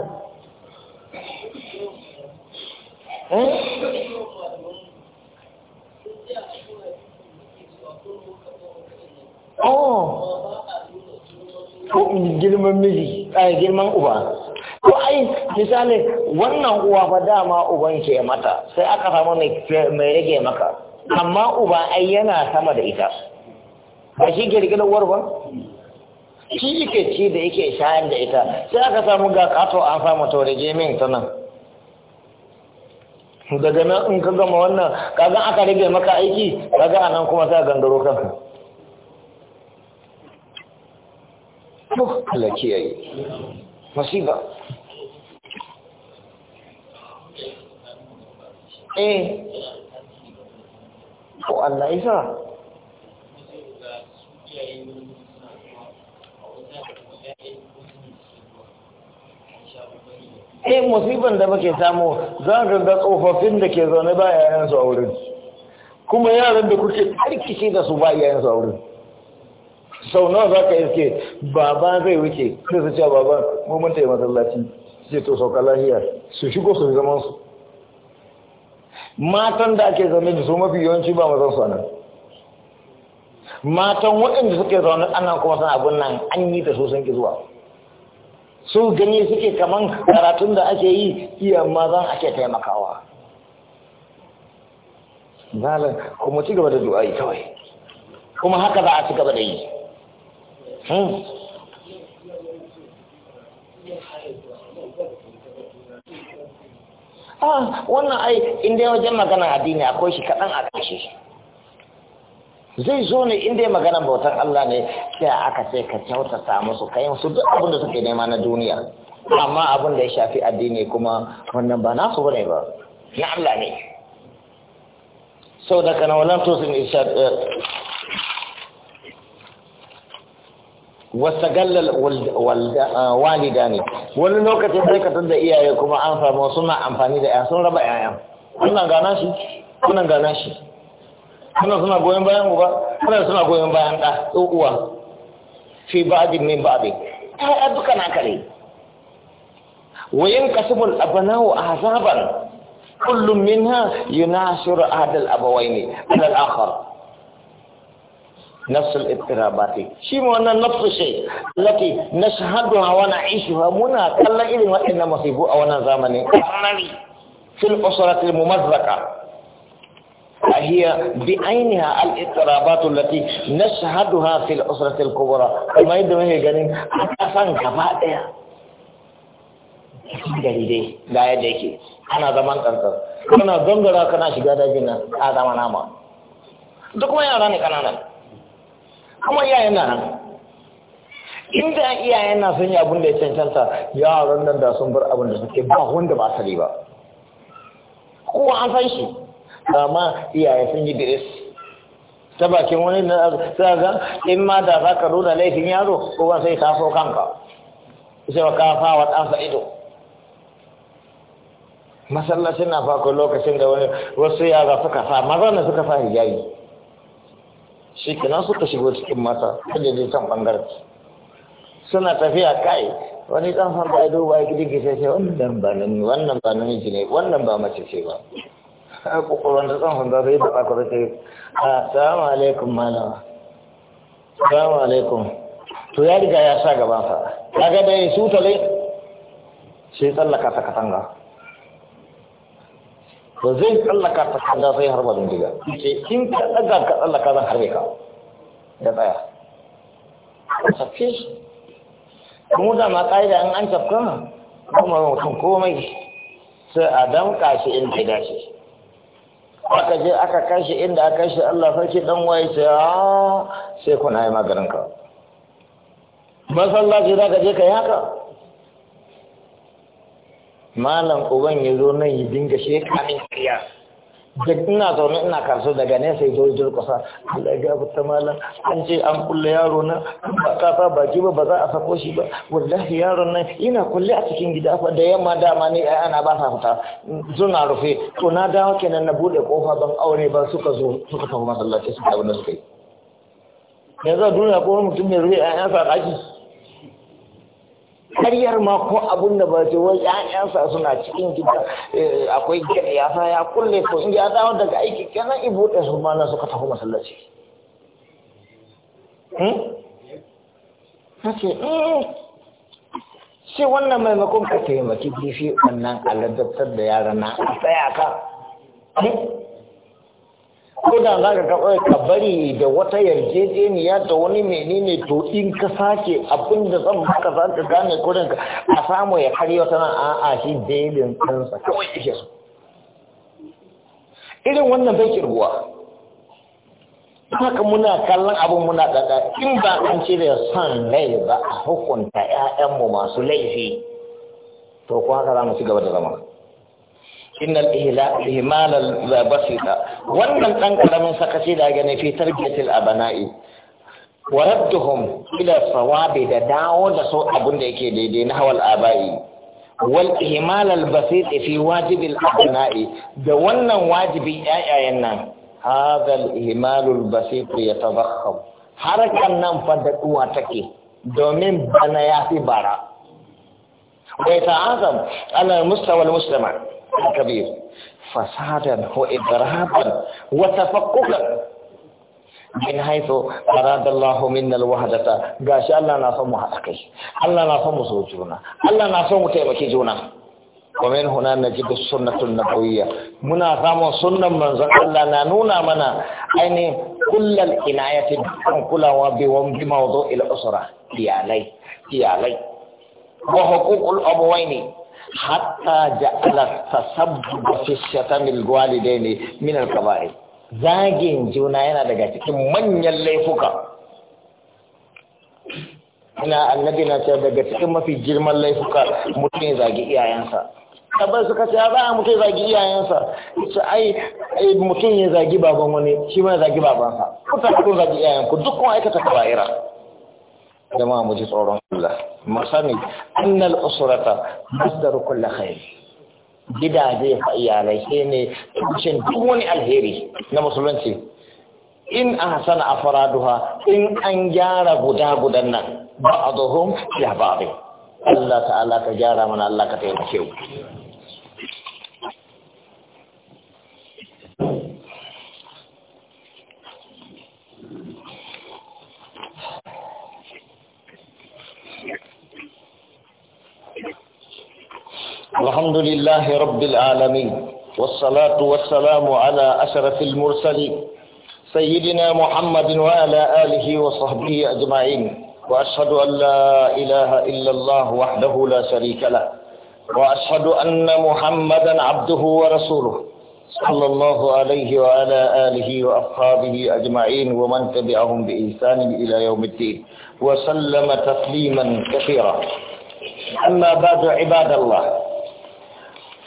Oh, girman miji, eh, girman uba. ko ai misali wannan uwa fa dama uban ke mata sai aka samu mai rage maka amma uba ai yana sama da ita ba shi girgilawar ba shi yake ci da yake shayar da ita sai aka samu ga kato an samu taurige min ta nan daga nan in ka gama wannan kaga aka rage maka aiki kaga a nan kuma ta gangaro kan Allah kiyaye masiba eh ko Allah isa eh musiban da muke samu za ka ga tsofaffin da ke zaune ba su a wurin kuma yaran da kuke tarkice da su ba su a wurin sau nawa za ka iske baba zai wuce sai su ce baba mun yi masallaci sai to sauka lahiya su shigo su zaman su matan da ake zaune da su mafi yawanci ba mazan su nan matan waɗanda suke zaune annan kuma suna abin nan an yi da su sun ki zuwa su gani suke kaman karatun da ake yi iya mazan ake taimakawa zalan kuma ci gaba da du'a'i kawai kuma haka za a ci gaba da yi hmm? ah wannan ai inda wajen magana addini akwai shi kaɗan a ƙarshe zai zo ne inda ya magana bautan Allah ne sai aka ce ka kyautata musu kai su duk abin da suke nema na duniya amma abin da ya shafi addini kuma wannan ba su bane ba na Allah ne sau da kana wannan to sun isha eh, wasa gallal ah, walida ne wani lokacin sai ka da iyaye kuma an samu suna amfani da 'ya sun raba 'ya'yan wannan gana shi gana shi wannan suna goyon bayan uba wannan suna goyon bayan ɗa ko uwa fi ba'din min ba'din ai duka na kare wayan kasbul abna'u azaban kullu minha yunashiru ahad al-abawayn ala al-akhar نفس الاضطرابات شي ما wannan nafsu shay lati nashhaduha wa na'ishuha muna kallon irin waɗannan masifu a wannan zamanin fil usrati al-mumazzaka هي بعينها الاضطرابات التي نشهدها في الأسرة الكبرى كما يدوم هي جنين أسان كفاءة جريدي لا يديكي أنا زمان كنت أنا زنجرا كنا شجادا جنا هذا ما نام duk mai yara ne kananan kuma iyayen nan inda iyayen na sun yi abin da ya cancanta yaran nan da sun bar abin da suke ba wanda ba sani ba kowa an san shi amma iyaye sun yi biris ta bakin wani na zaga in ma da za ka nuna laifin yaro ko ba sai ka so kanka sai ka wa ɗansa ido masallacin na farko lokacin da wani wasu yara suka sa maza ne suka sa hijabi shi kenan suka shigo cikin mata kaje je can bangaren suna tafiya kai wani ɗan fanta ido ba ya gidi gisa ce wannan ba namiji ne wannan ba mace ce ba wanda zan hanga sai da aka rike assalamu ah, alaikum malama assalamu alaikum to ya riga ya sa gaban sa kaga da ya sutale sai tsallaka ta katanga ba zai tsallaka ta katanga sai harba bindiga ce in ka daga ka tsallaka zan harbe ka Ya tsaya tafi kuma da ma ƙa'ida da an tafka kuma mutum komai sai Adam damƙa in bai dace aka je aka kashi inda aka kashi Allah sarki dan waye ce a ah, sai kuna yi maganin ka masallaci za kaje je ka yi haka malam uban ya zo nan yi dinga shekamin kiyar ina zaune ina karsu daga nesa ya zoji kusa Allah ya ta malam an ce an kulle yaro na ba kafa baki ba ba za a sako shi ba wallahi yaron nan ina kulle a cikin gida fa da yamma dama ne ai ana ba sa fita zuna rufe to na dawo kenan na bude kofa ban aure ba suka zo suka tafi masallaci suka abin da suka yi yanzu a duniya ko mutum mai rufe a yansa a ɗaki karyar ma ko abun da ba ce wai ƴaƴansa suna cikin gida eh, akwai gida ya sa ya kulle ko in ya dawo daga aiki kenan i bude su na suka tafi masallaci hmm? hmm sai wannan maimakon ka taimaki kifi wannan aladabtar da yara na a tsaya ka. Hmm? ko da za ka kawai ka bari da wata yarjejeniya da wani menene to in ka sake abin da zan baka za ka gane kurin ka a samu ya kari wata nan a shi belin kansa kawai yake so irin wannan bai kirguwa haka muna kallon abin muna ɗaɗa in ba an ce da san rai ba a hukunta 'ya'yanmu masu laifi to ko haka za mu ci gaba da zama innal ihmal al basita wannan dan karamin sakaci da gane fi tarbiyatil abana'i wa radduhum ila sawabi da dawo da so abun da yake daidai na hawal abai wal ihmal al basit fi wajib al abna'i da wannan wajibi yayayen nan hadha al ihmal al basit yatadakhkham harakan nan fa da duwa take domin bana yafi bara wa ta'azam ala mustawa al muslima الكبير فسادا وإضرابا وتفككا min haitho aradallahu minna alwahdata gashi Allah na son mu haɗa kai Allah na son mu so juna Allah na son mu taimaki juna wa min huna najidu sunnatun nabawiyya muna samu sunnan manzon Allah na nuna mana aini kullal inayati kan kulawa bi wan bi mawdu'il usra iyalai iyalai wa huququl abawaini hatta ja'ala tasabbu fi shatamil walidaini min al-kaba'ir zagin juna yana daga cikin manyan laifuka ina annabi na cewa daga cikin mafi girman laifuka mutum ya zagi iyayensa tabbai suka ce ba a mutum ya zagi iyayensa sai ai mutum ya zagi baban wani shi ma ya zagi babansa kuta ku zagi iyayenku duk kun aikata kaba'ira zama mu ji tsoron Allah masani annal usrata masdar kulli khair gidaje fa iyalai ne tushen duk wani alheri na musulunci in a afraduha in an gyara guda gudan nan ba'dhum ya ba'd Allah ta'ala ka gyara mana Allah ka taimake mu الحمد لله رب العالمين والصلاة والسلام على أشرف المرسلين سيدنا محمد وعلى آله وصحبه أجمعين وأشهد أن لا إله إلا الله وحده لا شريك له وأشهد أن محمدا عبده ورسوله صلى الله عليه وعلى آله وأصحابه أجمعين ومن تبعهم بإحسان إلى يوم الدين وسلم تسليما كثيرا أما بعد عباد الله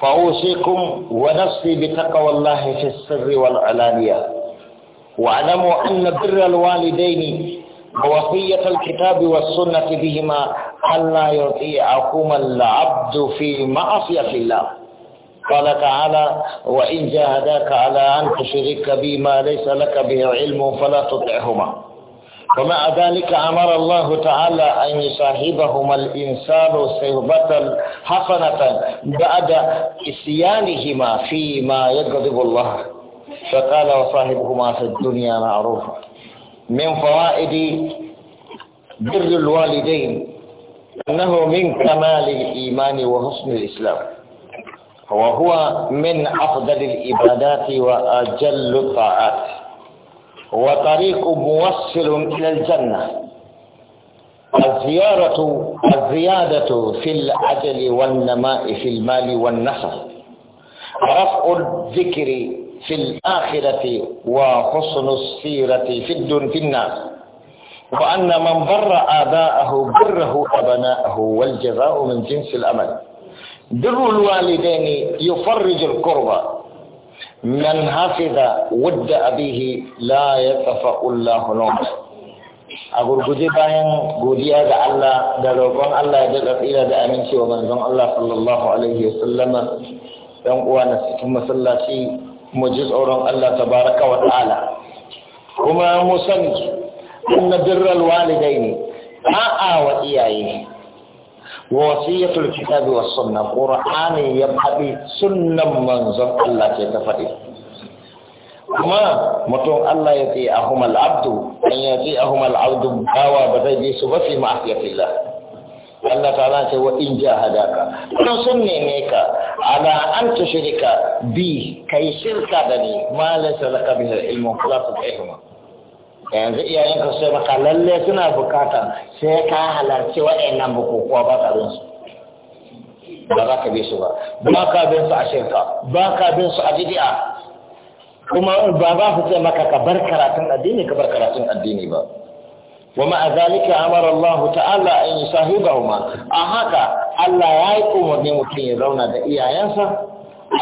فأوصيكم ونفسي بتقوى الله في السر والعلانية واعلموا أن بر الوالدين ووصية الكتاب والسنة بهما ألا يطيعكما العبد في معصية الله قال تعالى وإن جاهداك على أن تشرك بما ليس لك به علم فلا تطعهما ومع ذلك أمر الله تعالى أن يصاحبهما الإنسان صحبة حسنة بعد إسيانهما فيما يغضب الله فقال وصاحبهما في الدنيا معروفا من فوائد بر الوالدين أنه من كمال الإيمان وحسن الإسلام وهو من أفضل العبادات وأجل الطاعات وطريق موصل إلى الجنة الزيارة الزيادة في العجل والنماء في المال والنسب رفع الذكر في الآخرة وحسن السيرة في الدن في الناس وأن من بر آباءه بره أبناءه والجزاء من جنس الأمل بر الوالدين يفرج الكربة من حفظ ود أبيه لا يطفأ الله نومه a gurguje bayan godiya ga Allah da roƙon Allah ya daɗa tsira da amincewa manzon Allah sallallahu alaihi wasallama ɗan uwa na cikin masallaci mu ji tsoron Allah tabaraka wa ta'ala kuma mu sani inna birral walidaini a'a wa iyaye ووصية ya والسنة قرآن manzon Allah منظر ta faɗi kuma mutum Allah ya ce a humal abdu an ya ce a humal abdu bawa ba zai je su ba fi ma'afiyatillah Allah ta'ala ce wa in ja hadaka kuma sun neme ka ala an tushrika bi kai shirka da ni ma laysa laka bihi ilmun kala tuqihuma yanzu iyayenka sai maka lalle suna bukata sai ka halarci waɗannan bukukuwa ba ka binsu ba za su ba ba ka binsu a shirka ba ka binsu kuma ba sai maka ka bar karatun addini ka karatun addini ba wa ma azalika amara Allah ta'ala an yusahibahuma a haka Allah ya yi umarni mutum ya zauna da iyayensa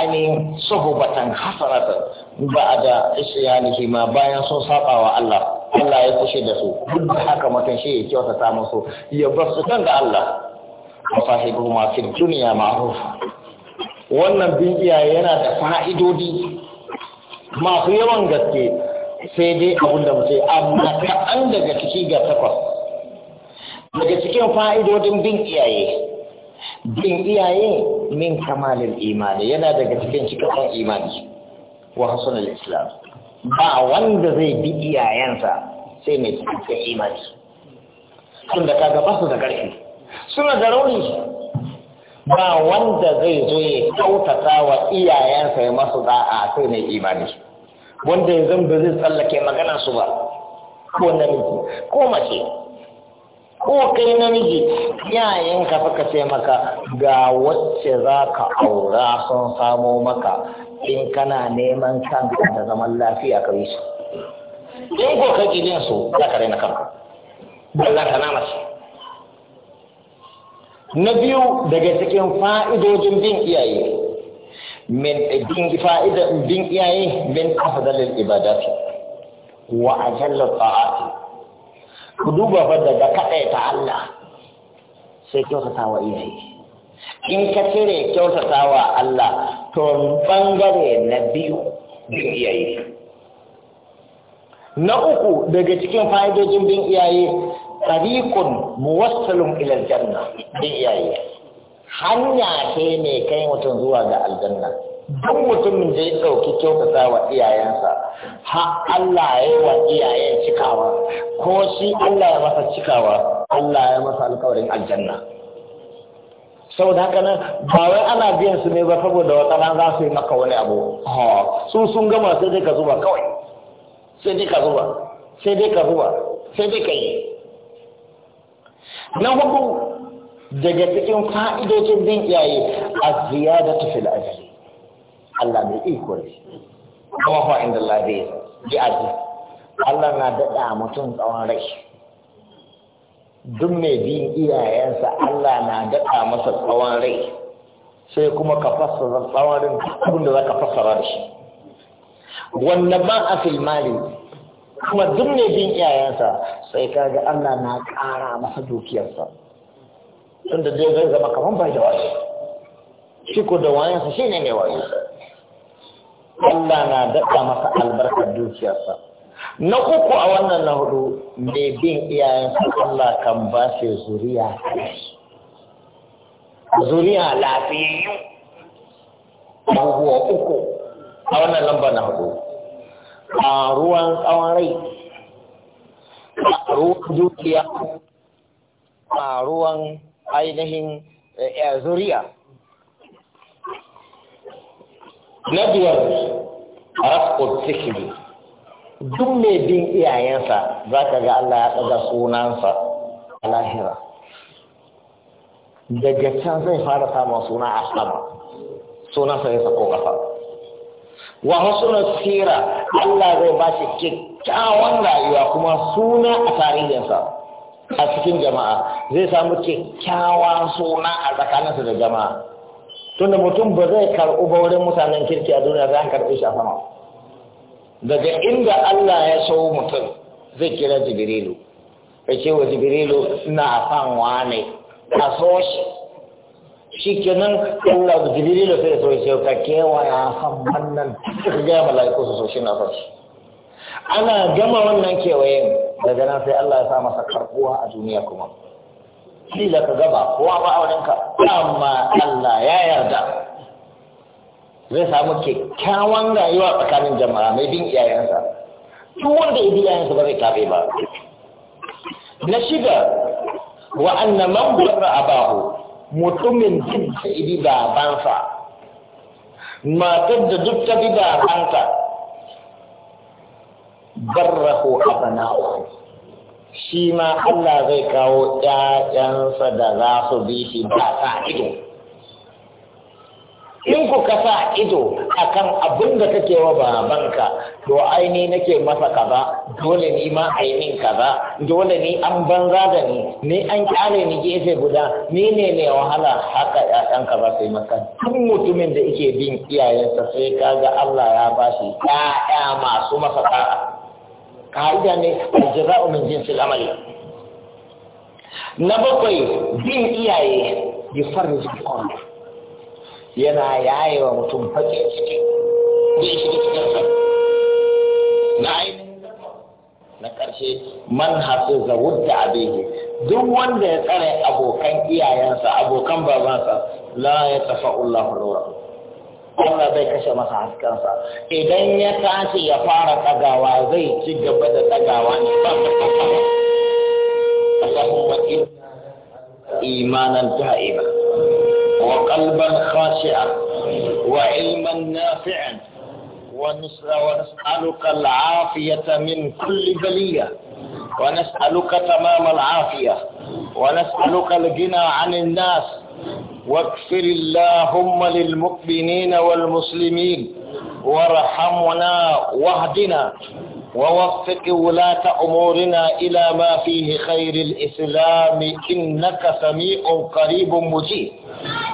ainihin sahubatan hasaratan Ba a da ba'da ma bayan sun saba wa Allah Allah ya kushe da su duk da haka mutum shi ya ta musu ya basu su kan da Allah wa ma fi duniya ma'ruf wannan bin iyaye yana da fa'idodi masu yawan gaske sai dai abin da mutum amma kaɗan daga ciki ga takwas daga cikin fa'idodin bin iyaye bin iyaye min kamalin imani yana daga cikin cikakken imani wa hasanul islam ba wanda zai bi iyayensa sai mai cikakken imani sun da kaga ba su da ƙarfi suna da rauni ba wanda zai zo ya kyautata wa iyayensa ya masu za'a sai mai imani wanda ya zan zai tsallake magana su ba ko namiji ko mace ko kai namiji yayin ka suka ce maka ga wacce za ka aura sun samo maka in kana neman kanka da zaman lafiya ka yi su in ko ka gidan su za ka raina kanka Allah ka nama shi na biyu daga cikin fa'idojin bin iyaye min bin fa'ida bin iyaye min ibada su. wa a jalla ta'ati ku duba fa daga kaɗai ta Allah sai kyautata wa iyaye in ka cire kyautatawa Allah to bangare na biyu bin iyaye na uku daga cikin fa'idojin bin iyaye tariqun muwassalun ila aljanna bin iyaye hanya ce ne kai mutum zuwa ga aljanna duk mutumin da ya ɗauki kyautata wa iyayensa ha Allah ya yi wa iyayen cikawa ko shi Allah ya masa cikawa Allah ya masa alkawarin aljanna saboda haka nan ba wai ana biyan su ne ba saboda wata ran za su yi maka wani abu su sun gama sai dai ka zuba kawai sai dai ka zuba sai dai ka zuba sai dai ka yi na hudu daga cikin fa'idocin bin iyaye a da ta fil ajali Allah mai iko ne kuma fa'in da Allah ya yi aji Allah na daɗa mutum tsawon rai duk mai bin iyayensa Allah na daɗa masa tsawon rai sai kuma ka fassara tsawon rin abin da za ka fassara da shi wanda ba a filmali kuma duk mai bin iyayensa sai ka ga Allah na ƙara masa dukiyarsa tunda zai zai zama kamar bai da wani shi ko da wayansa shi ne mai wayo Allah na daɗa masa albarkar dukiyarsa na uku a wannan na hudu mai bin iyayen Allah kan ba shi zuriya zuriya lafiyayyu abubuwa uku a wannan lamba na hudu a ruwan tsawon rai a ruwan dukiya a ruwan ainihin eh, zuriya na biyar rakkul sikili duk mai bin iyayensa za ka ga Allah ya ɗaga sunansa a lahira daga can zai fara samun suna a sama sunansa ya sako ƙasa wa na sira Allah zai ba shi kyakkyawan rayuwa kuma suna a tarihinsa a cikin jama'a zai samu kyakkyawan suna a tsakaninsa da jama'a tunda mutum ba zai karɓi ba wurin mutanen kirki a duniya zai karɓi shi a sama daga inda Allah ya sau mutum zai kira jibrilu ya ce wa jibrilu na fan wane a so shi shi nan Allah jibrilu sai so ce ka kewa ya san wannan ka gaya mala'iku su so shi na fashi ana gama wannan kewayen daga nan sai Allah ya sa masa karbuwa a duniya kuma kila ka gaba kowa ba a ka. amma Allah ya yarda zai samu kyakkyawan rayuwa tsakanin jama'a mai bin iyayensa Tun wanda ya bi iyayensa ba zai kafe ba na shiga wa anna man abahu mutumin duk da ibi babansa matar da duk ta bi babansa, barrahu abanahu shi ma Allah zai kawo ƴaƴansa da za su bi shi ba ta ido in ku sa ido a kan abin da kake wa babanka to aini nake masa kaza dole ni ma min kaza dole ni an banza da ni ni an kyale ni gefe guda ni ne ne wahala haka ƴaƴan ka ba sai maka duk mutumin da yake bin iyayensa sai kaga Allah ya bashi ƴaƴa masu masa ta'a ka'ida ne aljaza'u min jinsil amali na bakwai bin iyaye farin al yana yaye wa mutum fakin ciki zai shiga cikin sa na ainihin na ƙarshe man hasu zawud da abehi duk wanda ya tsare abokan iyayensa abokan babansa la ya tafa Allah Allah bai kashe masa haskensa idan ya tashi ya fara tagawa zai ci gaba da tagawa ne ba ta kasawa Allahumma inna imanan da'iman وقلبا خاشعا وعلما نافعا ونسألك العافية من كل بلية ونسألك تمام العافية ونسألك الغنى عن الناس واغفر اللهم للمؤمنين والمسلمين وارحمنا واهدنا ووفق ولاة أمورنا إلى ما فيه خير الإسلام إنك سميع قريب مجيب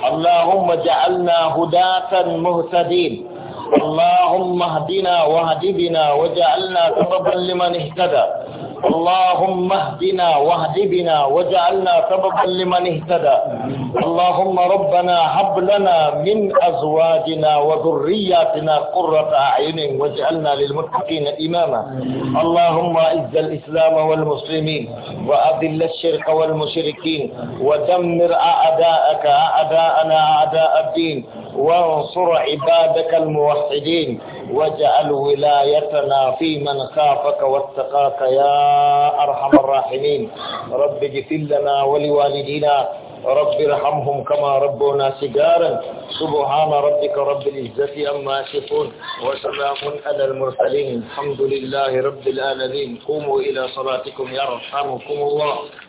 اللهم جعلنا هداة مهتدين اللهم اهدنا واهد بنا وجعلنا سببا لمن اهتدى اللهم اهدنا واهد بنا واجعلنا سببا لمن اهتدى اللهم ربنا هب لنا من أزواجنا وذرياتنا قرة أعين واجعلنا للمتقين إماما اللهم أعز الإسلام والمسلمين وأذل الشرك والمشركين ودمر أعداءك أعداءنا أعداء الدين وانصر عبادك الموحدين واجعل ولايتنا في من خافك واتقاك يا أرحم الراحمين رب اغفر لنا ولوالدينا رب ارحمهم كما ربونا صغارا سبحان ربك رب العزة أما يصفون وسلام على المرسلين الحمد لله رب العالمين قوموا إلى صلاتكم يرحمكم الله